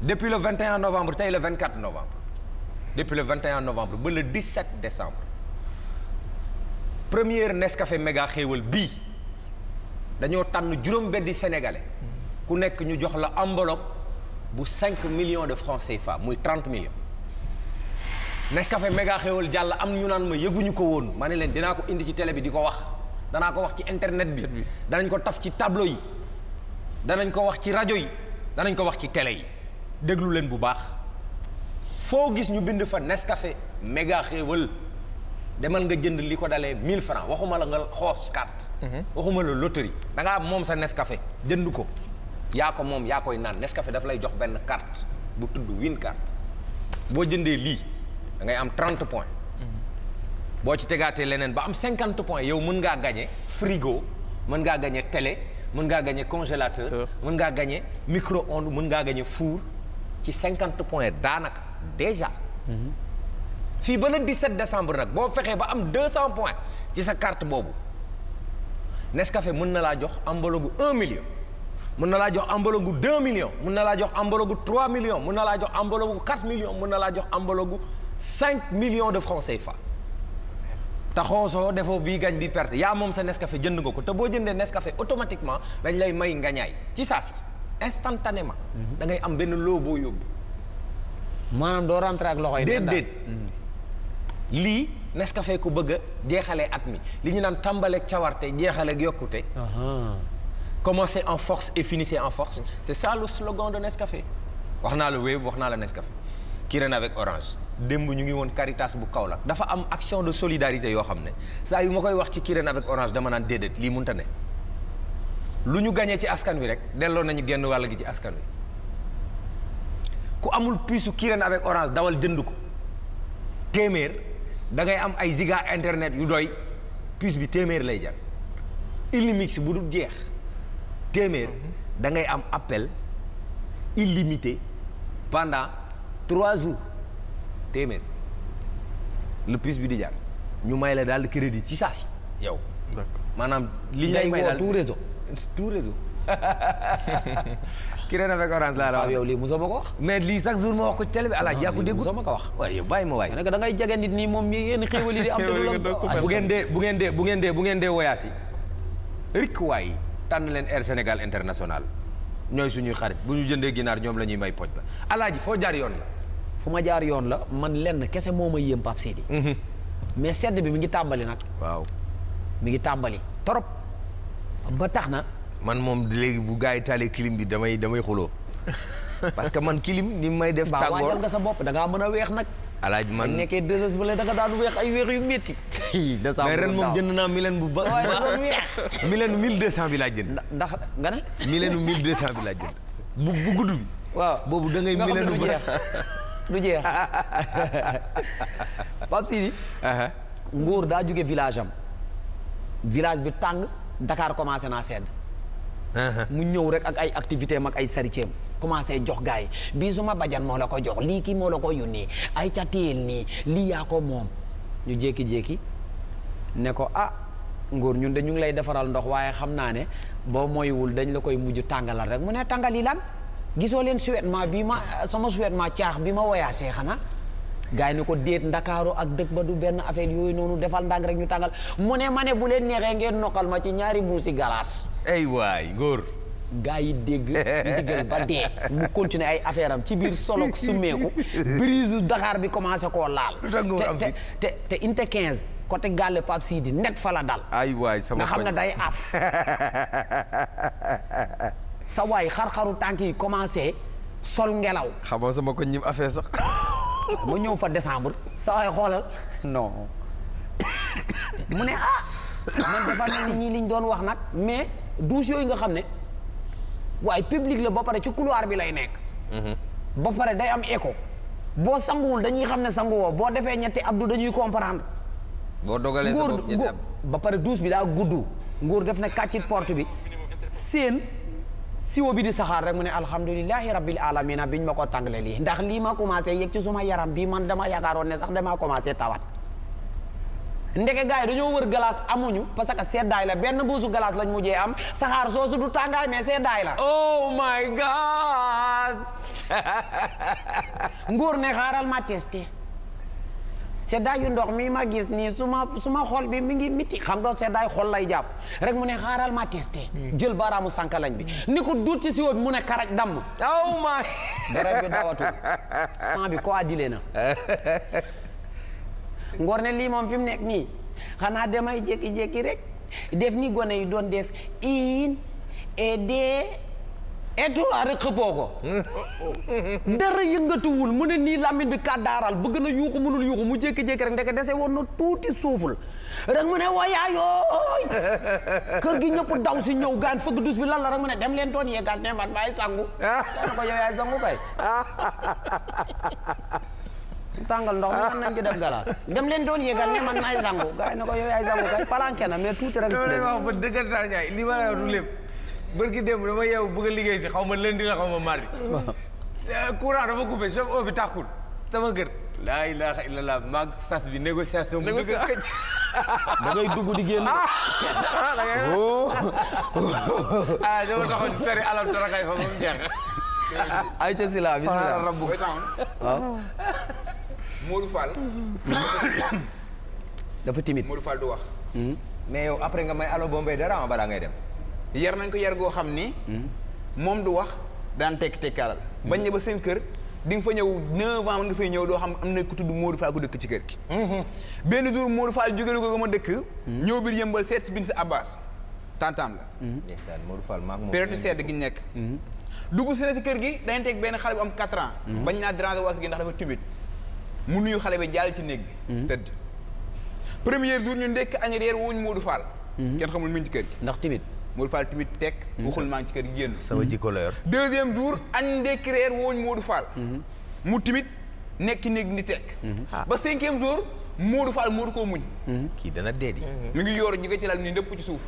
depuis le 21 novembre tey le 24 novembre. depuis le 21 novembre ba le 17 décembre. première Nescafé méga xéewal bii dañoo tànn juróom-benni sénégalais. ku nekk ñu jox la enveloppe. bu 5 millions de francs CFA muy 30 millions Nescafé méga xéwal jàll am ñu naan ma yëguñu ko woon ma ne leen dinaa ko indi ci télé bi di ko wax danaa ko wax ci internet bi danañ ko taf ci tableau yi danañ ko wax ci rajo yi danañ ko wax ci télé yi déglu leen bu baax foo gis ñu bind fa Nescafé méga xéwal demal nga jënd li ko dalee mille francs waxuma la nga xoos carte mhm. waxuma la loterie da am moom sa Nescafé jënd ko yaa ko moom yaa koy naan Nescafé dafa lay jox benn carte bu tudd win carte boo jëndee lii da ngay am 30 points mm-hmm. boo ci tegaatee leneen ba am cinquante point yow mën ngaa gañe frigo mën ngaa gañe télé mën ngaa gañe congélateur mën ngaa gañe micro onde mun ngaa gañe fuur ci 50 points daanaka déjà mm-hmm. fii ba le 17 décembre nag boo fexee ba am 200 points ci sa carte boobu cafe mun na laa jox ambalogu un million mun na laa jox enveloppe gu 2 millions mun na laa jox enveloppe gu 3 millions mun na laa jox enveloppe gu 4 millions mun na laa jox enveloppe gu 5 millions de francs CFA. te xoosoo defoo bii gañ bi perte yaa moom sa Nescafé jënd nga ko te boo jëndee Nescafé automatiquement dañ lay may ngañaay ci saa si instantanément. Mhm. da ngay am benn loo boo yóbbu. maanaam doo rentré ak loxo yi. déedéet mhm. lii ku bëgg a jeexalee at mi li ñu naan tàmbaleeg cawarte jeexaleeg yokkute. commencez en force et finissez en force. c'est ça le slogan de Nescafé. wax naa la Wave wax naa la Nescafé qui règne avec Orange. démb ñu ngi woon Caritas bu Kaolack dafa am action de solidarité yoo xam ne saa yu ma koy wax ci Kirène avec Orange dama naan déedéet lii mënta ne lu ñu gañee ci askan wi rek delloo nañu genn wàll gi ci askan wi ku amul puisu Kirène avec Orange dawal jënd ko téeméer da ngay am ay giga internet yu doy puce bi téeméer lay jar Illimix bu jeex téeméer da ngay am appel illimité pendant trois jours téeméer le plus bi di jaar ñu may la daal crédit ci saa si yow. maanaam li lay may daal tout réseau. tout réseau. kiree na fekk orange laa la wax. yow lii ma ko wax. mais lii chaque jour ma wax ko ci télé bi ala jàpp déggu. mosoo ma ko wax waaye bàyyi ma waay. da ngay jege nit ñi moom yéen xéwal yi di am. xéwal yi ah, bu ngeen dee bu ngeen dee bu ngeen dee bu ngeen dee woyaas yi rikk waay. tànn leen Air Sénégal International ñooy suñuy xarit bu ñu jëndee ginaar ñoom la ñuy may poj ba alaaji foo jaar yoon la fu ma jaar yoon la man lenn kese moo ma yéem Pape Seydi mhm. mais sedd bi mi ngi tàmbali nag waaw mi ngi tàmbali trop ba tax na man moom léegi bu gars yi taalee clim bi damay damay xuloo parce man clim ni may def tàngoor nga sa bopp da ngaa mën a weex nag alaaj man nekkee deux heures ba léegi da nga daan weex ay weex yu métti. mais ren moom jënd naa milen bu ba. millen mille deux cent bi laa jënd. ndax nga ne. milen mille deux cent bi laa bu bu gudd bi. waaw boobu da ngay milen bu jeex jeex. Pape Sidi. Uh-huh. Nguur daa jóge village am. village bi tàng Dakar commencé naa sedd. Uh-huh. mu ñëw rek ak ay activité am ak ay sariteem commencé jox gars yi su ma bajan moo la ko jox lii kii moo la ko yónnee ay catiyel nii lii yaa ko moom ñu jékki-jékki ne ko ah ngóor ñun de ñu ngi lay defaral ndox waaye xam naa ne boo moywul dañ la koy mujj tàngalal rek mu ne tàngali lan gisoo leen suwetment bii ma sama suwetment caax bi ma woyaasee xanaa gars yi ni ko déet ndakaaru ak dëkk ba du benn affaire yooyu noonu defal ndànk rek ñu tàngal mu ne ma ne bu leen neexee ngeen nokkal ma ci ñaari buusi galaas ay waay góor gaa yi dégg ndigal ba dee mu continuer ay affaire am ci biir solog sumeeku brise Dakar bi commencé koo laal te te te inte côté gàlle Pape Sidi nekk fa la ay waay sama nga xam ne day af sa waay xar-xaru tànk yi commencé sol ngelaw xam nga sama ko ñim affaire sax moo ñëw fa décembre sa xoolal non mu ne ah man dafa mel ni liñ doon wax nag mais douze yooyu nga xam ne waaye public la ba pare ci couloir bi lay nekk mhm. ba pare day am écho boo sanguwul dañuy xam ne sanguwoo boo defee ñetti abdu dañuy comprendre boo dogalee ba pare douze bi daa gudd nguur def na kàccit porte bi seen siwo bi di saxaar rek mu ne alhamdulilahi rabbil alamina biñ ma ko tàngale lii ndax lii ma commencé yëg ci suma yaram bi man dama yaakaaroon ne sax damaa commencé tawat ndeke gars yi dañoo wër glace amuñu parce que seddaay la benn buusu glace lañ mujjee am saxaar soosu du tàngaay mais seddaay la oh my god nguur ne xaaral ma testé seddaayu ndox mi ma gis nii su ma su ma xol bi mi ngi miti xam nga seddaay xol lay jàpp rek mu ne xaaral ma testé jël baaraamu sànkalañ bi ni ko duut ci siwo mu ne karaj damm aw oh ma bi dawatu sang bi ko addilee na ngor ne lii moom fi mu nekk nii xanaa demay jékki-jékki rek def ni gone yi doon def in et intura rek xëppoo ko dara yëngatuwul mu ne nii lamine bi kàddaaral bëgg na yuuxu mënul yuuxu mu jékki-jékki rek ndeke dese woon na tuuti suuful rek mu ne wayaayooy kër gi ñëpp daw si ñëw gaan fëgg dus bi lan la rek mu ne dem leen doon yeegaan ne man maay sangu tana ko yow yaay sangu kay tàngal ndox mi mën nañ ci def galaat dem leen doon na mais tuuti rek. loolu lay wax ba dëggantaan ñaay li ma lay wax bërki dem dama yeewu bëgg a liggéey si xaw ma lundi la xaw ma mardi euh, courant dafa coupé chef oh, eau bi sama gër laa ilaha illallah maag sas bi négociation bu dëgg da dugg di génn ah, oh. ah dama taxoon dafa timide Modou wax hmm? yow après nga may alo bombay dara ma balaa ngay dem yar nañ ko yar goo xam ni. Hmm. moom du wax daan tekk-tekkaaral. Hmm. bañ ne ba seen kër di nga fa ñëw 9 ans nga fay ñëw doo xam am na ku tudd Modou Fall ku ci kër gi. Hmm. benn jour Modou Fall jóge ko ma dëkk. ñëw biir yëmbal seet si bin sa Abbas tantam la. ndeysaan Modou Fall maag moom période gi nekk. dugg si kër gi dañ teg benn xale bu am 4 ans. bañ naa déranger gi ndax dafa mu nuyu xale bi jàll ci néeg bi. tëdd premier jour ñu ndekk añ reer wuñ Modou Fall. kenn xamul mu ngi ci kër gi ndax timide. Modou Fall tamit teg. Mm-hmm. waxul maa ngi ci kër gi génn. sama mm-hmm. jikko la yor. deuxième jour añ ndekki reer wooñ Modou Fall. Mm-hmm. mu tamit nekk ci néeg ni teg. Ah. ba cinquième jour Modou Fall Modou koo muñ. kii dana dee di. mi ngi yor ci laal ni ndëpp ci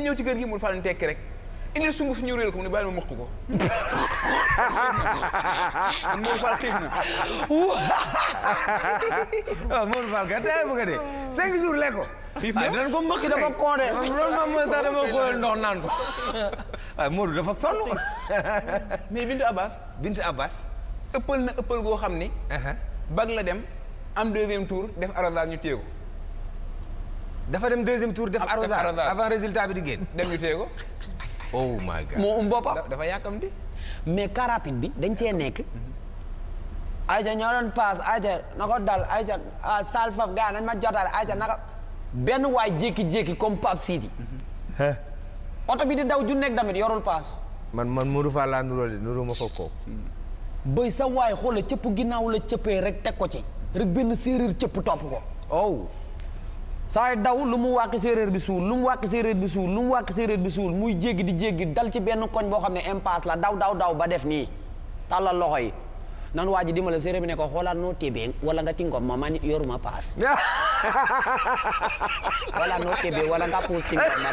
ñëw ci gi Modou Fall ni tekki rek. indil ñu réel ma mokk ko. Modou Fall xiif na. waaw Modou Fall kat day dee oh. cinq jours lekk xiif na dinañ ko mbëkk dafa con de loolu moom mooy sax dama xoolal ndox naan mais Bintu Abbas Bintu Abbas ëppal na ëppal goo xam ni bag la dem am deuxième tour def arrosage ñu téye ko dafa dem deuxième tour def arrosage avant résultat bi di génn dem ñu téye moo um boppam dafa yàkkam di mais car bi dañ cee nekk ayca ñoo doon paas ayca na ko dal ayca salfaf gaa nañ ma jotal ayca naka benn waay jékki-jékki comme Pape Sidi. oto bi di daw ju nekk damit yorul paas. man man Modou Fall laa nuroo de nuroo ma ko kooku. Hmm. bëy sa waay xoola cëpp ginnaaw la cëppee rek teg ko ci. rek benn séeréer cëpp topp ko. oh. daw lu mu wàq séeréer bi suul lu mu wàq séeréer bi suul lu mu wàq séeréer bi suul muy jéggi di jéggi dal ci benn koñ boo xam ne impasse la daw daw daw ba def nii. tàllal loxo yi. nan waa ji dimbale séeréer bi ne ko xoolaat noo tébee wala nga tingom ma man yoruma paas. wala n'o tɛ bɛ wala n ka p'o tigi ma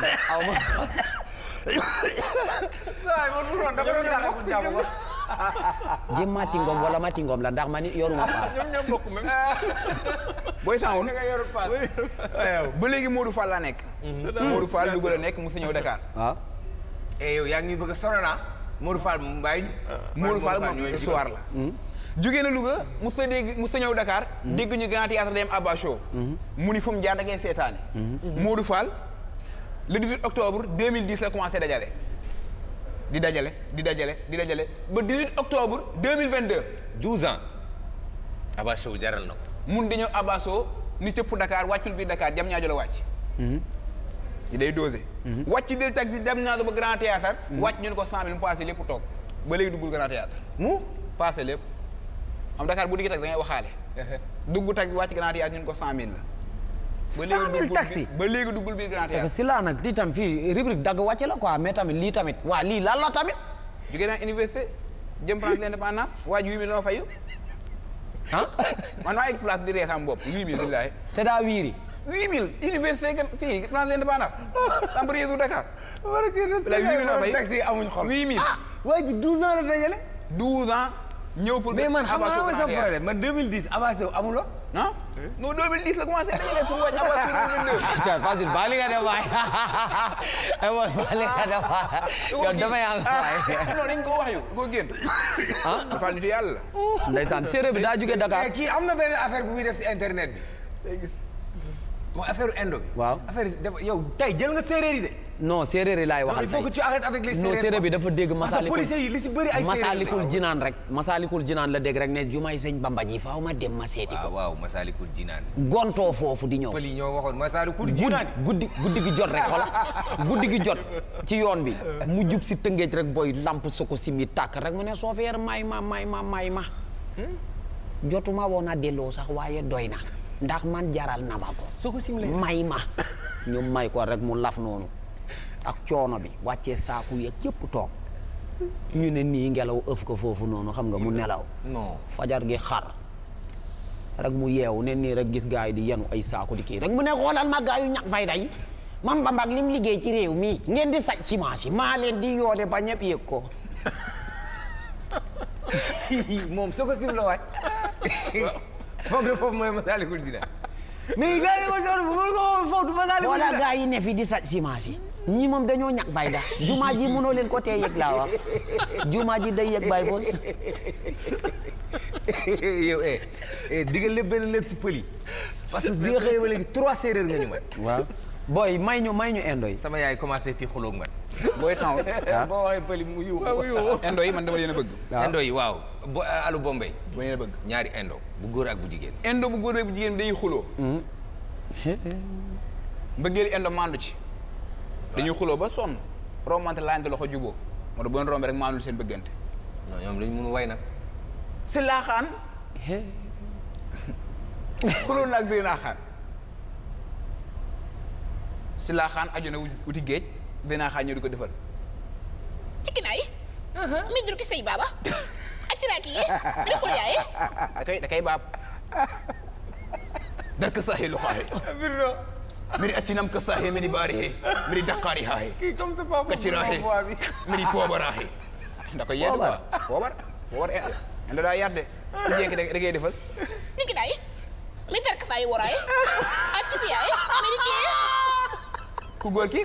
dɛ ma. tingom wala ma tingom la ndax man yoruma ah, paas booy sangoon ba léegi Modou Fall laa nekk mhm. Modou Fall Louga la nekk mu fi ñëw Dakar waaw ah. eh, yaa ngi bëgg a sonal Modou ah. mbaay Modou Fall moom histoire la jógee na Louga mu sa dégg mu sa ñëw Dakar. Mhm. dégg ñu grand théâtre dem Abba Show. Mhm. mu ni fu mu jaar da ngay seetaane. Mhm. Modou Fall le 18 octobre 2010 la commencé dajale. di dajale di dajale di dajale ba 18 octobre 2022. 12 ans. Abba Show jaral na mun di ñëw Abba Show ni cëpp Dakar wàccul biir Dakar jam ñaajo la wàcc. di day dosé. wàcc del tag di ñaajo ba grand théâtre wàcc ñu ne ko 100000 mu passé lépp toog ba léegi duggul grand théâtre mu passé lépp. am Dakar bu digg taxi da ngay waxaale. dugg taxi wàcc Grand Théâtre ñun ko 100000 la. cent mille taxi ba léegi duggul biir Grand Théâtre. c'est que si laa nag tam fii rubrique dagg wàcce la quoi mais tamit lii tamit waa lii laal la tamit. jugee naa université jëm France l'indépendance waa ji 8000 la ma fayu. ah man maa ngi place di ree sama bopp 8000 billahi. te daa wiiri. 8000 université gën fii France l'indépendance. am réseau Dakar. war a kii de 8000 la ma fay ñëw pour a man xam nga sama problème man 2010 avance de amul woon. non non 2010 la commencé dajale pour wàññi avance de. Fatou Ba li nga def waay aywa nga def waay ah, yow dama ah? bi daa jógee Dakar. kii am na benn affaire bu muy def si internet bi. day gis mooy affaire indo bi. waaw affaire yow tey jël nga séeréer yi de. non séeréer yi laay waxal tey il faut que tu arrêtes avec bi dafa dégg masaalikul policier yi li si bëri ay masaalikul jinaan rek masaalikul jinaan la dégg rek ne jumaay sëñ Bamba ji faaw ma dem ma seeti ko waaw masaalikul jinaan gontoo foofu di ñëw pël ñoo waxoon masaalikul jinaan guddi guddi gi jot rek xola guddi gi jot ci yoon bi mu jub si tëngeej rek booy lamp su ko simi tàkk rek mu ne soofeer may ma may ma may ma hmm? jotuma woon a delloo sax waaye doy na ndax man jaral na ma ko may ma ñu may ko rek mu laf noonu ak coono bi wàccee saaku yeeg yëpp toog ñu ne nii ngelaw ëf ko foofu noonu xam nga mu nelaw fajar gi xar rek mu yeewu ne nii rek gis gaa yi di yenu ay saaku di kii rek mu ne xoolal ma gaa yu ñàkk fay day man ba mbag lim liggéey ci réew mi ngeen di saj ciment si maa leen di yoone ba ñëpp yëg ko moom soo ko sim la waay foog na foofu mooy Masaalikul Jinaan mais gars yi wala gaa yi ne fi di sa semence yi ñii moom dañoo ñàkk fayda juma ji mënoo leen ko tee yëg laa wax juma ji day yëg bay fos yow eh, eh digal lépp benn lépp si pël yi parce que bi nga ba léegi trois séeréer nga ñu may booy may ñu may ñu indo yi. sama yaay commencé ti xulóog ma booy taw ah. boo waxee pëli mu yiw indo ah. yi man dama leen a bëgg. indo ah. yi waaw bo alu bombay. dama leen bëgg ñaari indo bu góor ak bu jigéen. indo bu góor ak bu jigéen day xuloo. indo hmm. maandu ci. dañuy xuloo ba sonn. rombante laajante loxo juboo moo tax bu leen rombee rek maandul seen bëggante. non ñoom dañu mun way nag. si laaxaan. xuloo na ak seen laaxaan. si laa xaan aju wuti géej benaa xaan ñëw di defal ci kinaay uh-huh. mi dur ki sëy baaba aciraaki yi rëkkul yaaye da kay da kay baab dar ka saaxee lu xaaxee miri accinam ka saaxee miri baarihee miri daqaari haaxee kii comme mi dar eh, ka ku góor ki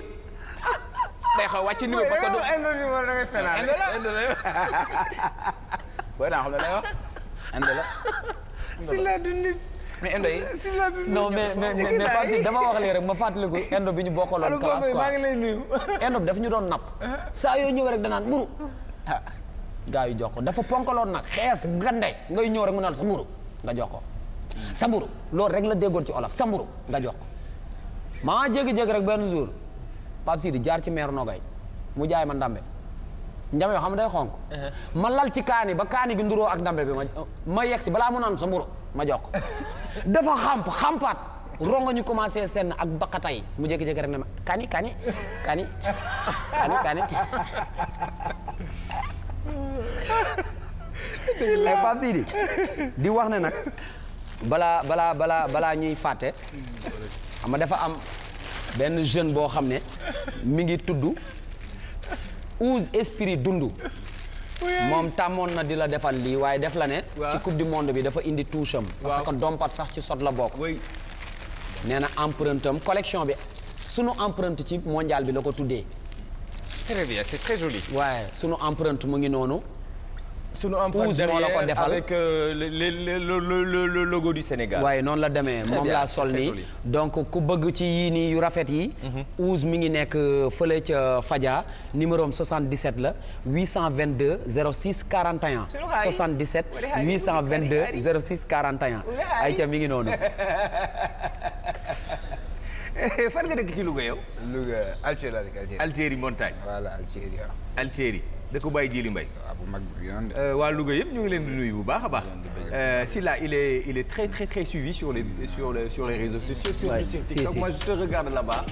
day xaw wàcc niveau parce que du indil da ngay fenaan indil la indil la booy naa xam ne lay wax la. si la du nit. mais indo yi non mais mais mais Fatou dama wax léegi ma fàttaliku indo bi ñu bi daf ñu doon napp saa yoo ñëw rek danaan mburu ah gaa yu dafa ponkaloon nag xees gande ngay ñëw rek mu naan sa mburu nga jox ko sa mburu loolu rek la déggoon ci olof sa mburu nga jox ko maa jékki-jékki rek benn jour Pape Sidi jaar ci meeru Nogay mu jaay ma ndambe njame yoo xam ne day xonk uh-huh. ma lal ci kaani ba kaani gi nduroo ak ndambe bi ma ma si balaa mu naan sa ma jox dafa xamp xampaat rongo ñu commencé seen ak baqatay mu jékki-jékki rek ne ma kani kani kani kani kani mais Pape Sidi di wax ne nag balaa balaa balaa balaa ñuy fàtte xam dafa am benn jeune boo xam ne mi ngi tudd ouz esprit dundu moom tàmmoon na di la defal lii waaye def la ne ci coupe du monde bi dafa indi touche am parce que dompat sax ci sot la bokk nee na empreinte am collection bi sunu empreinte ci mondial bi la ko tuddee très bien c'est très waaye sunu empreinte mu ngi noonu sunu empreinte derrière avec euh, le logo du Sénégal. waaye noonu la demee moom laa sol nii donc ku bëgg ci yii nii yu rafet yi. Mhm. Ouz mi ngi nekk euh, fële ca euh, Fadia numéro 77 la 822 06 41. 77 822 06 41. ayca mi ngi noonu. fan nga dëkk ci Louga yow. Louga Algérie la Algérie. Algérie montagne. voilà Algérie. dëkku Baye Djili Mbaye. waaw ah, bu mag bi yoon de. Euh, waa Louga yëpp ñu ngi leen di nuyu bu baax a baax. Euh, Sylla il est il est très très très suivi sur les sur les sur les réseaux sociaux. surtout sur TikTok moi je te regarde là-bas.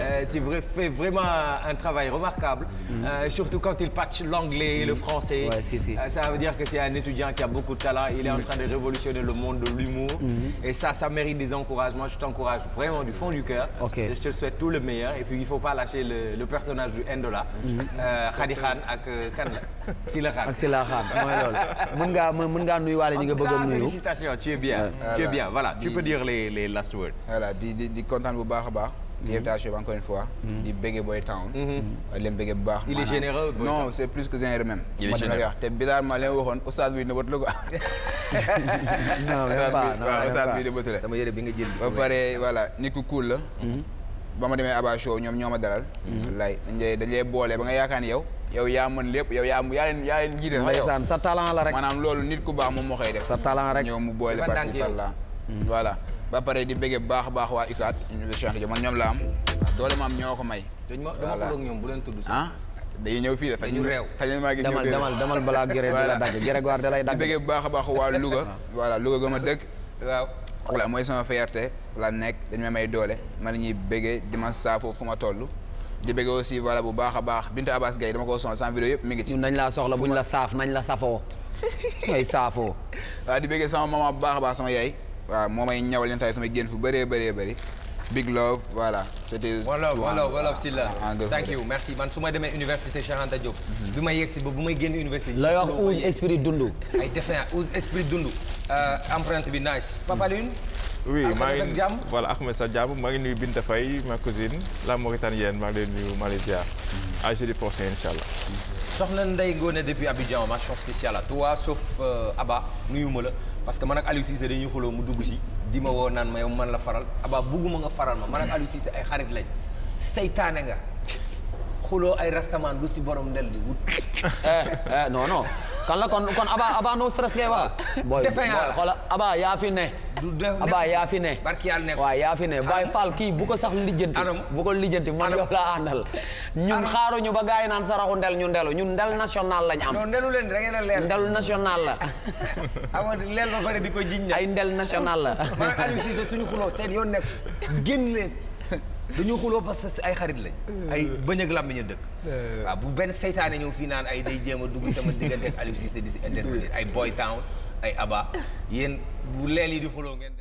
Euh, tu fais vraiment un travail remarquable. Mm-hmm. surtout quand il patch l'anglais le mm-hmm. français. ça veut dire que c'est un étudiant qui a beaucoup de talent il est en mm-hmm. train de révolutionner le monde de l'humour et ça ça mérite des encouragements je t'encourage vraiment du fond du cœur. je te souhaite tout le meilleur et puis il faut pas lâcher le personnage du Ndola. Khady Khan ak. kan la Sila Khan ak Sila Khan mooy loolu mën ngaa mën ngaa nuyuwaale ñi nga bëgg a nuyu. félicitations di di kontaan bu baax a baax. di mm-hmm. invitation bi encore une fois. Mm-hmm. di bége Boy Town. leen mm-hmm. bége bu baax. il est généreux non c'est plus que généreux même. il est généreux te bizarrement leen waxoon bi nëbët la quoi. non même nga jël ba pare voilà ni ku cool la. ba ma demee Aba Show ñoom ñoo ma dalal. lay dañ lay boole ba nga yaakaar ni yow. yow yaa man lépp yow yaa yaa leen yaa leen jiite. ndeysaan sa talent la rek maanaam loolu nit ku baax moom moo koy def. sa talent rek ñëw mu boole par ci hmm. ba pare di bëgg baax a baax waa UCAD Université Cheikh man ñoom la am doole maam ñoo ko may. voilà dañ ñoom bu leen tudd ah dañuy ñëw fii de. dañu réew xëy maa ngi ñëw demal demal balaa géré di la dagg géré goor da lay dagg. di bëgg baax a baax waa Louga. Ah. voilà Louga gama dëkk. waaw voilà mooy sama fierté la nekk dañ ma may doole ma la ñuy bëggee di ma saafoo fu ma toll di bëgg aussi voilà bu baax a baax Binta Abbas Gaye dama ko sonal sans vidéo yëpp mi ngi ci. nañ laa soxla buñ la saaf nañ la safoo ngay saafoo. waaw di bëgg sama maman bu baax a baax sama yaay waaw moo may ñawal leen tamit samay génn fu bëree bëree bëri. big love voilà c'était. voilà voilà voilà Sylla thank you merci man su ma demee université Cheikh Anta Diop. Mhm. bi ma yegsi ba bu may génn université. looy wax ouze esprit dundu. ay dessin ouze esprit oui maa ngi voilà Ahmed Sa Diam maa ngi nuyu Binta Faye ma cousine la Mauritanienne maa ngi lay nuyu Malaysia à jeudi prochain incha allah. soxna Ndeye Ngone depuis Abidjan mention spéciale à toi sauf euh, aba nuyu ma la parce que man ak Aliou Cissé dañuy xuloo mu dugg si di ma woo naan ma yow man la faral Abba bugguma nga faral ma man ak Aliou Cissé ay xarit lañ seytaane nga xuloo ay rastaman lu si borom ndel di wut. Eh, eh, non kan la kon kon Aba Aba stress ngay wax. booy Aba yaa fi ne. Aba yaa ne. barki yàlla nekk waaw yaa fi ne Baye kii bu ko sax lijjanti. bu ko lijjanti man yow la àndal. ñun xaaruñu ba gars yi naan saraxu ndel ñu ndelu ñun ndel national lañ am. non ndelu leen da ngeen a la. ay ndel national la. dañoo xuloo parce que ay xarit lañ. Euh. ay bëñ ak làmmiñ a dëkk. Euh. waaw bu benn seytaane ñëw fii naan ay day jéem a dugg sama diggante ak Aliou Cissé di si intervenir ay Boy Town ay Aba yéen bu leel yi di xuloo ngeen.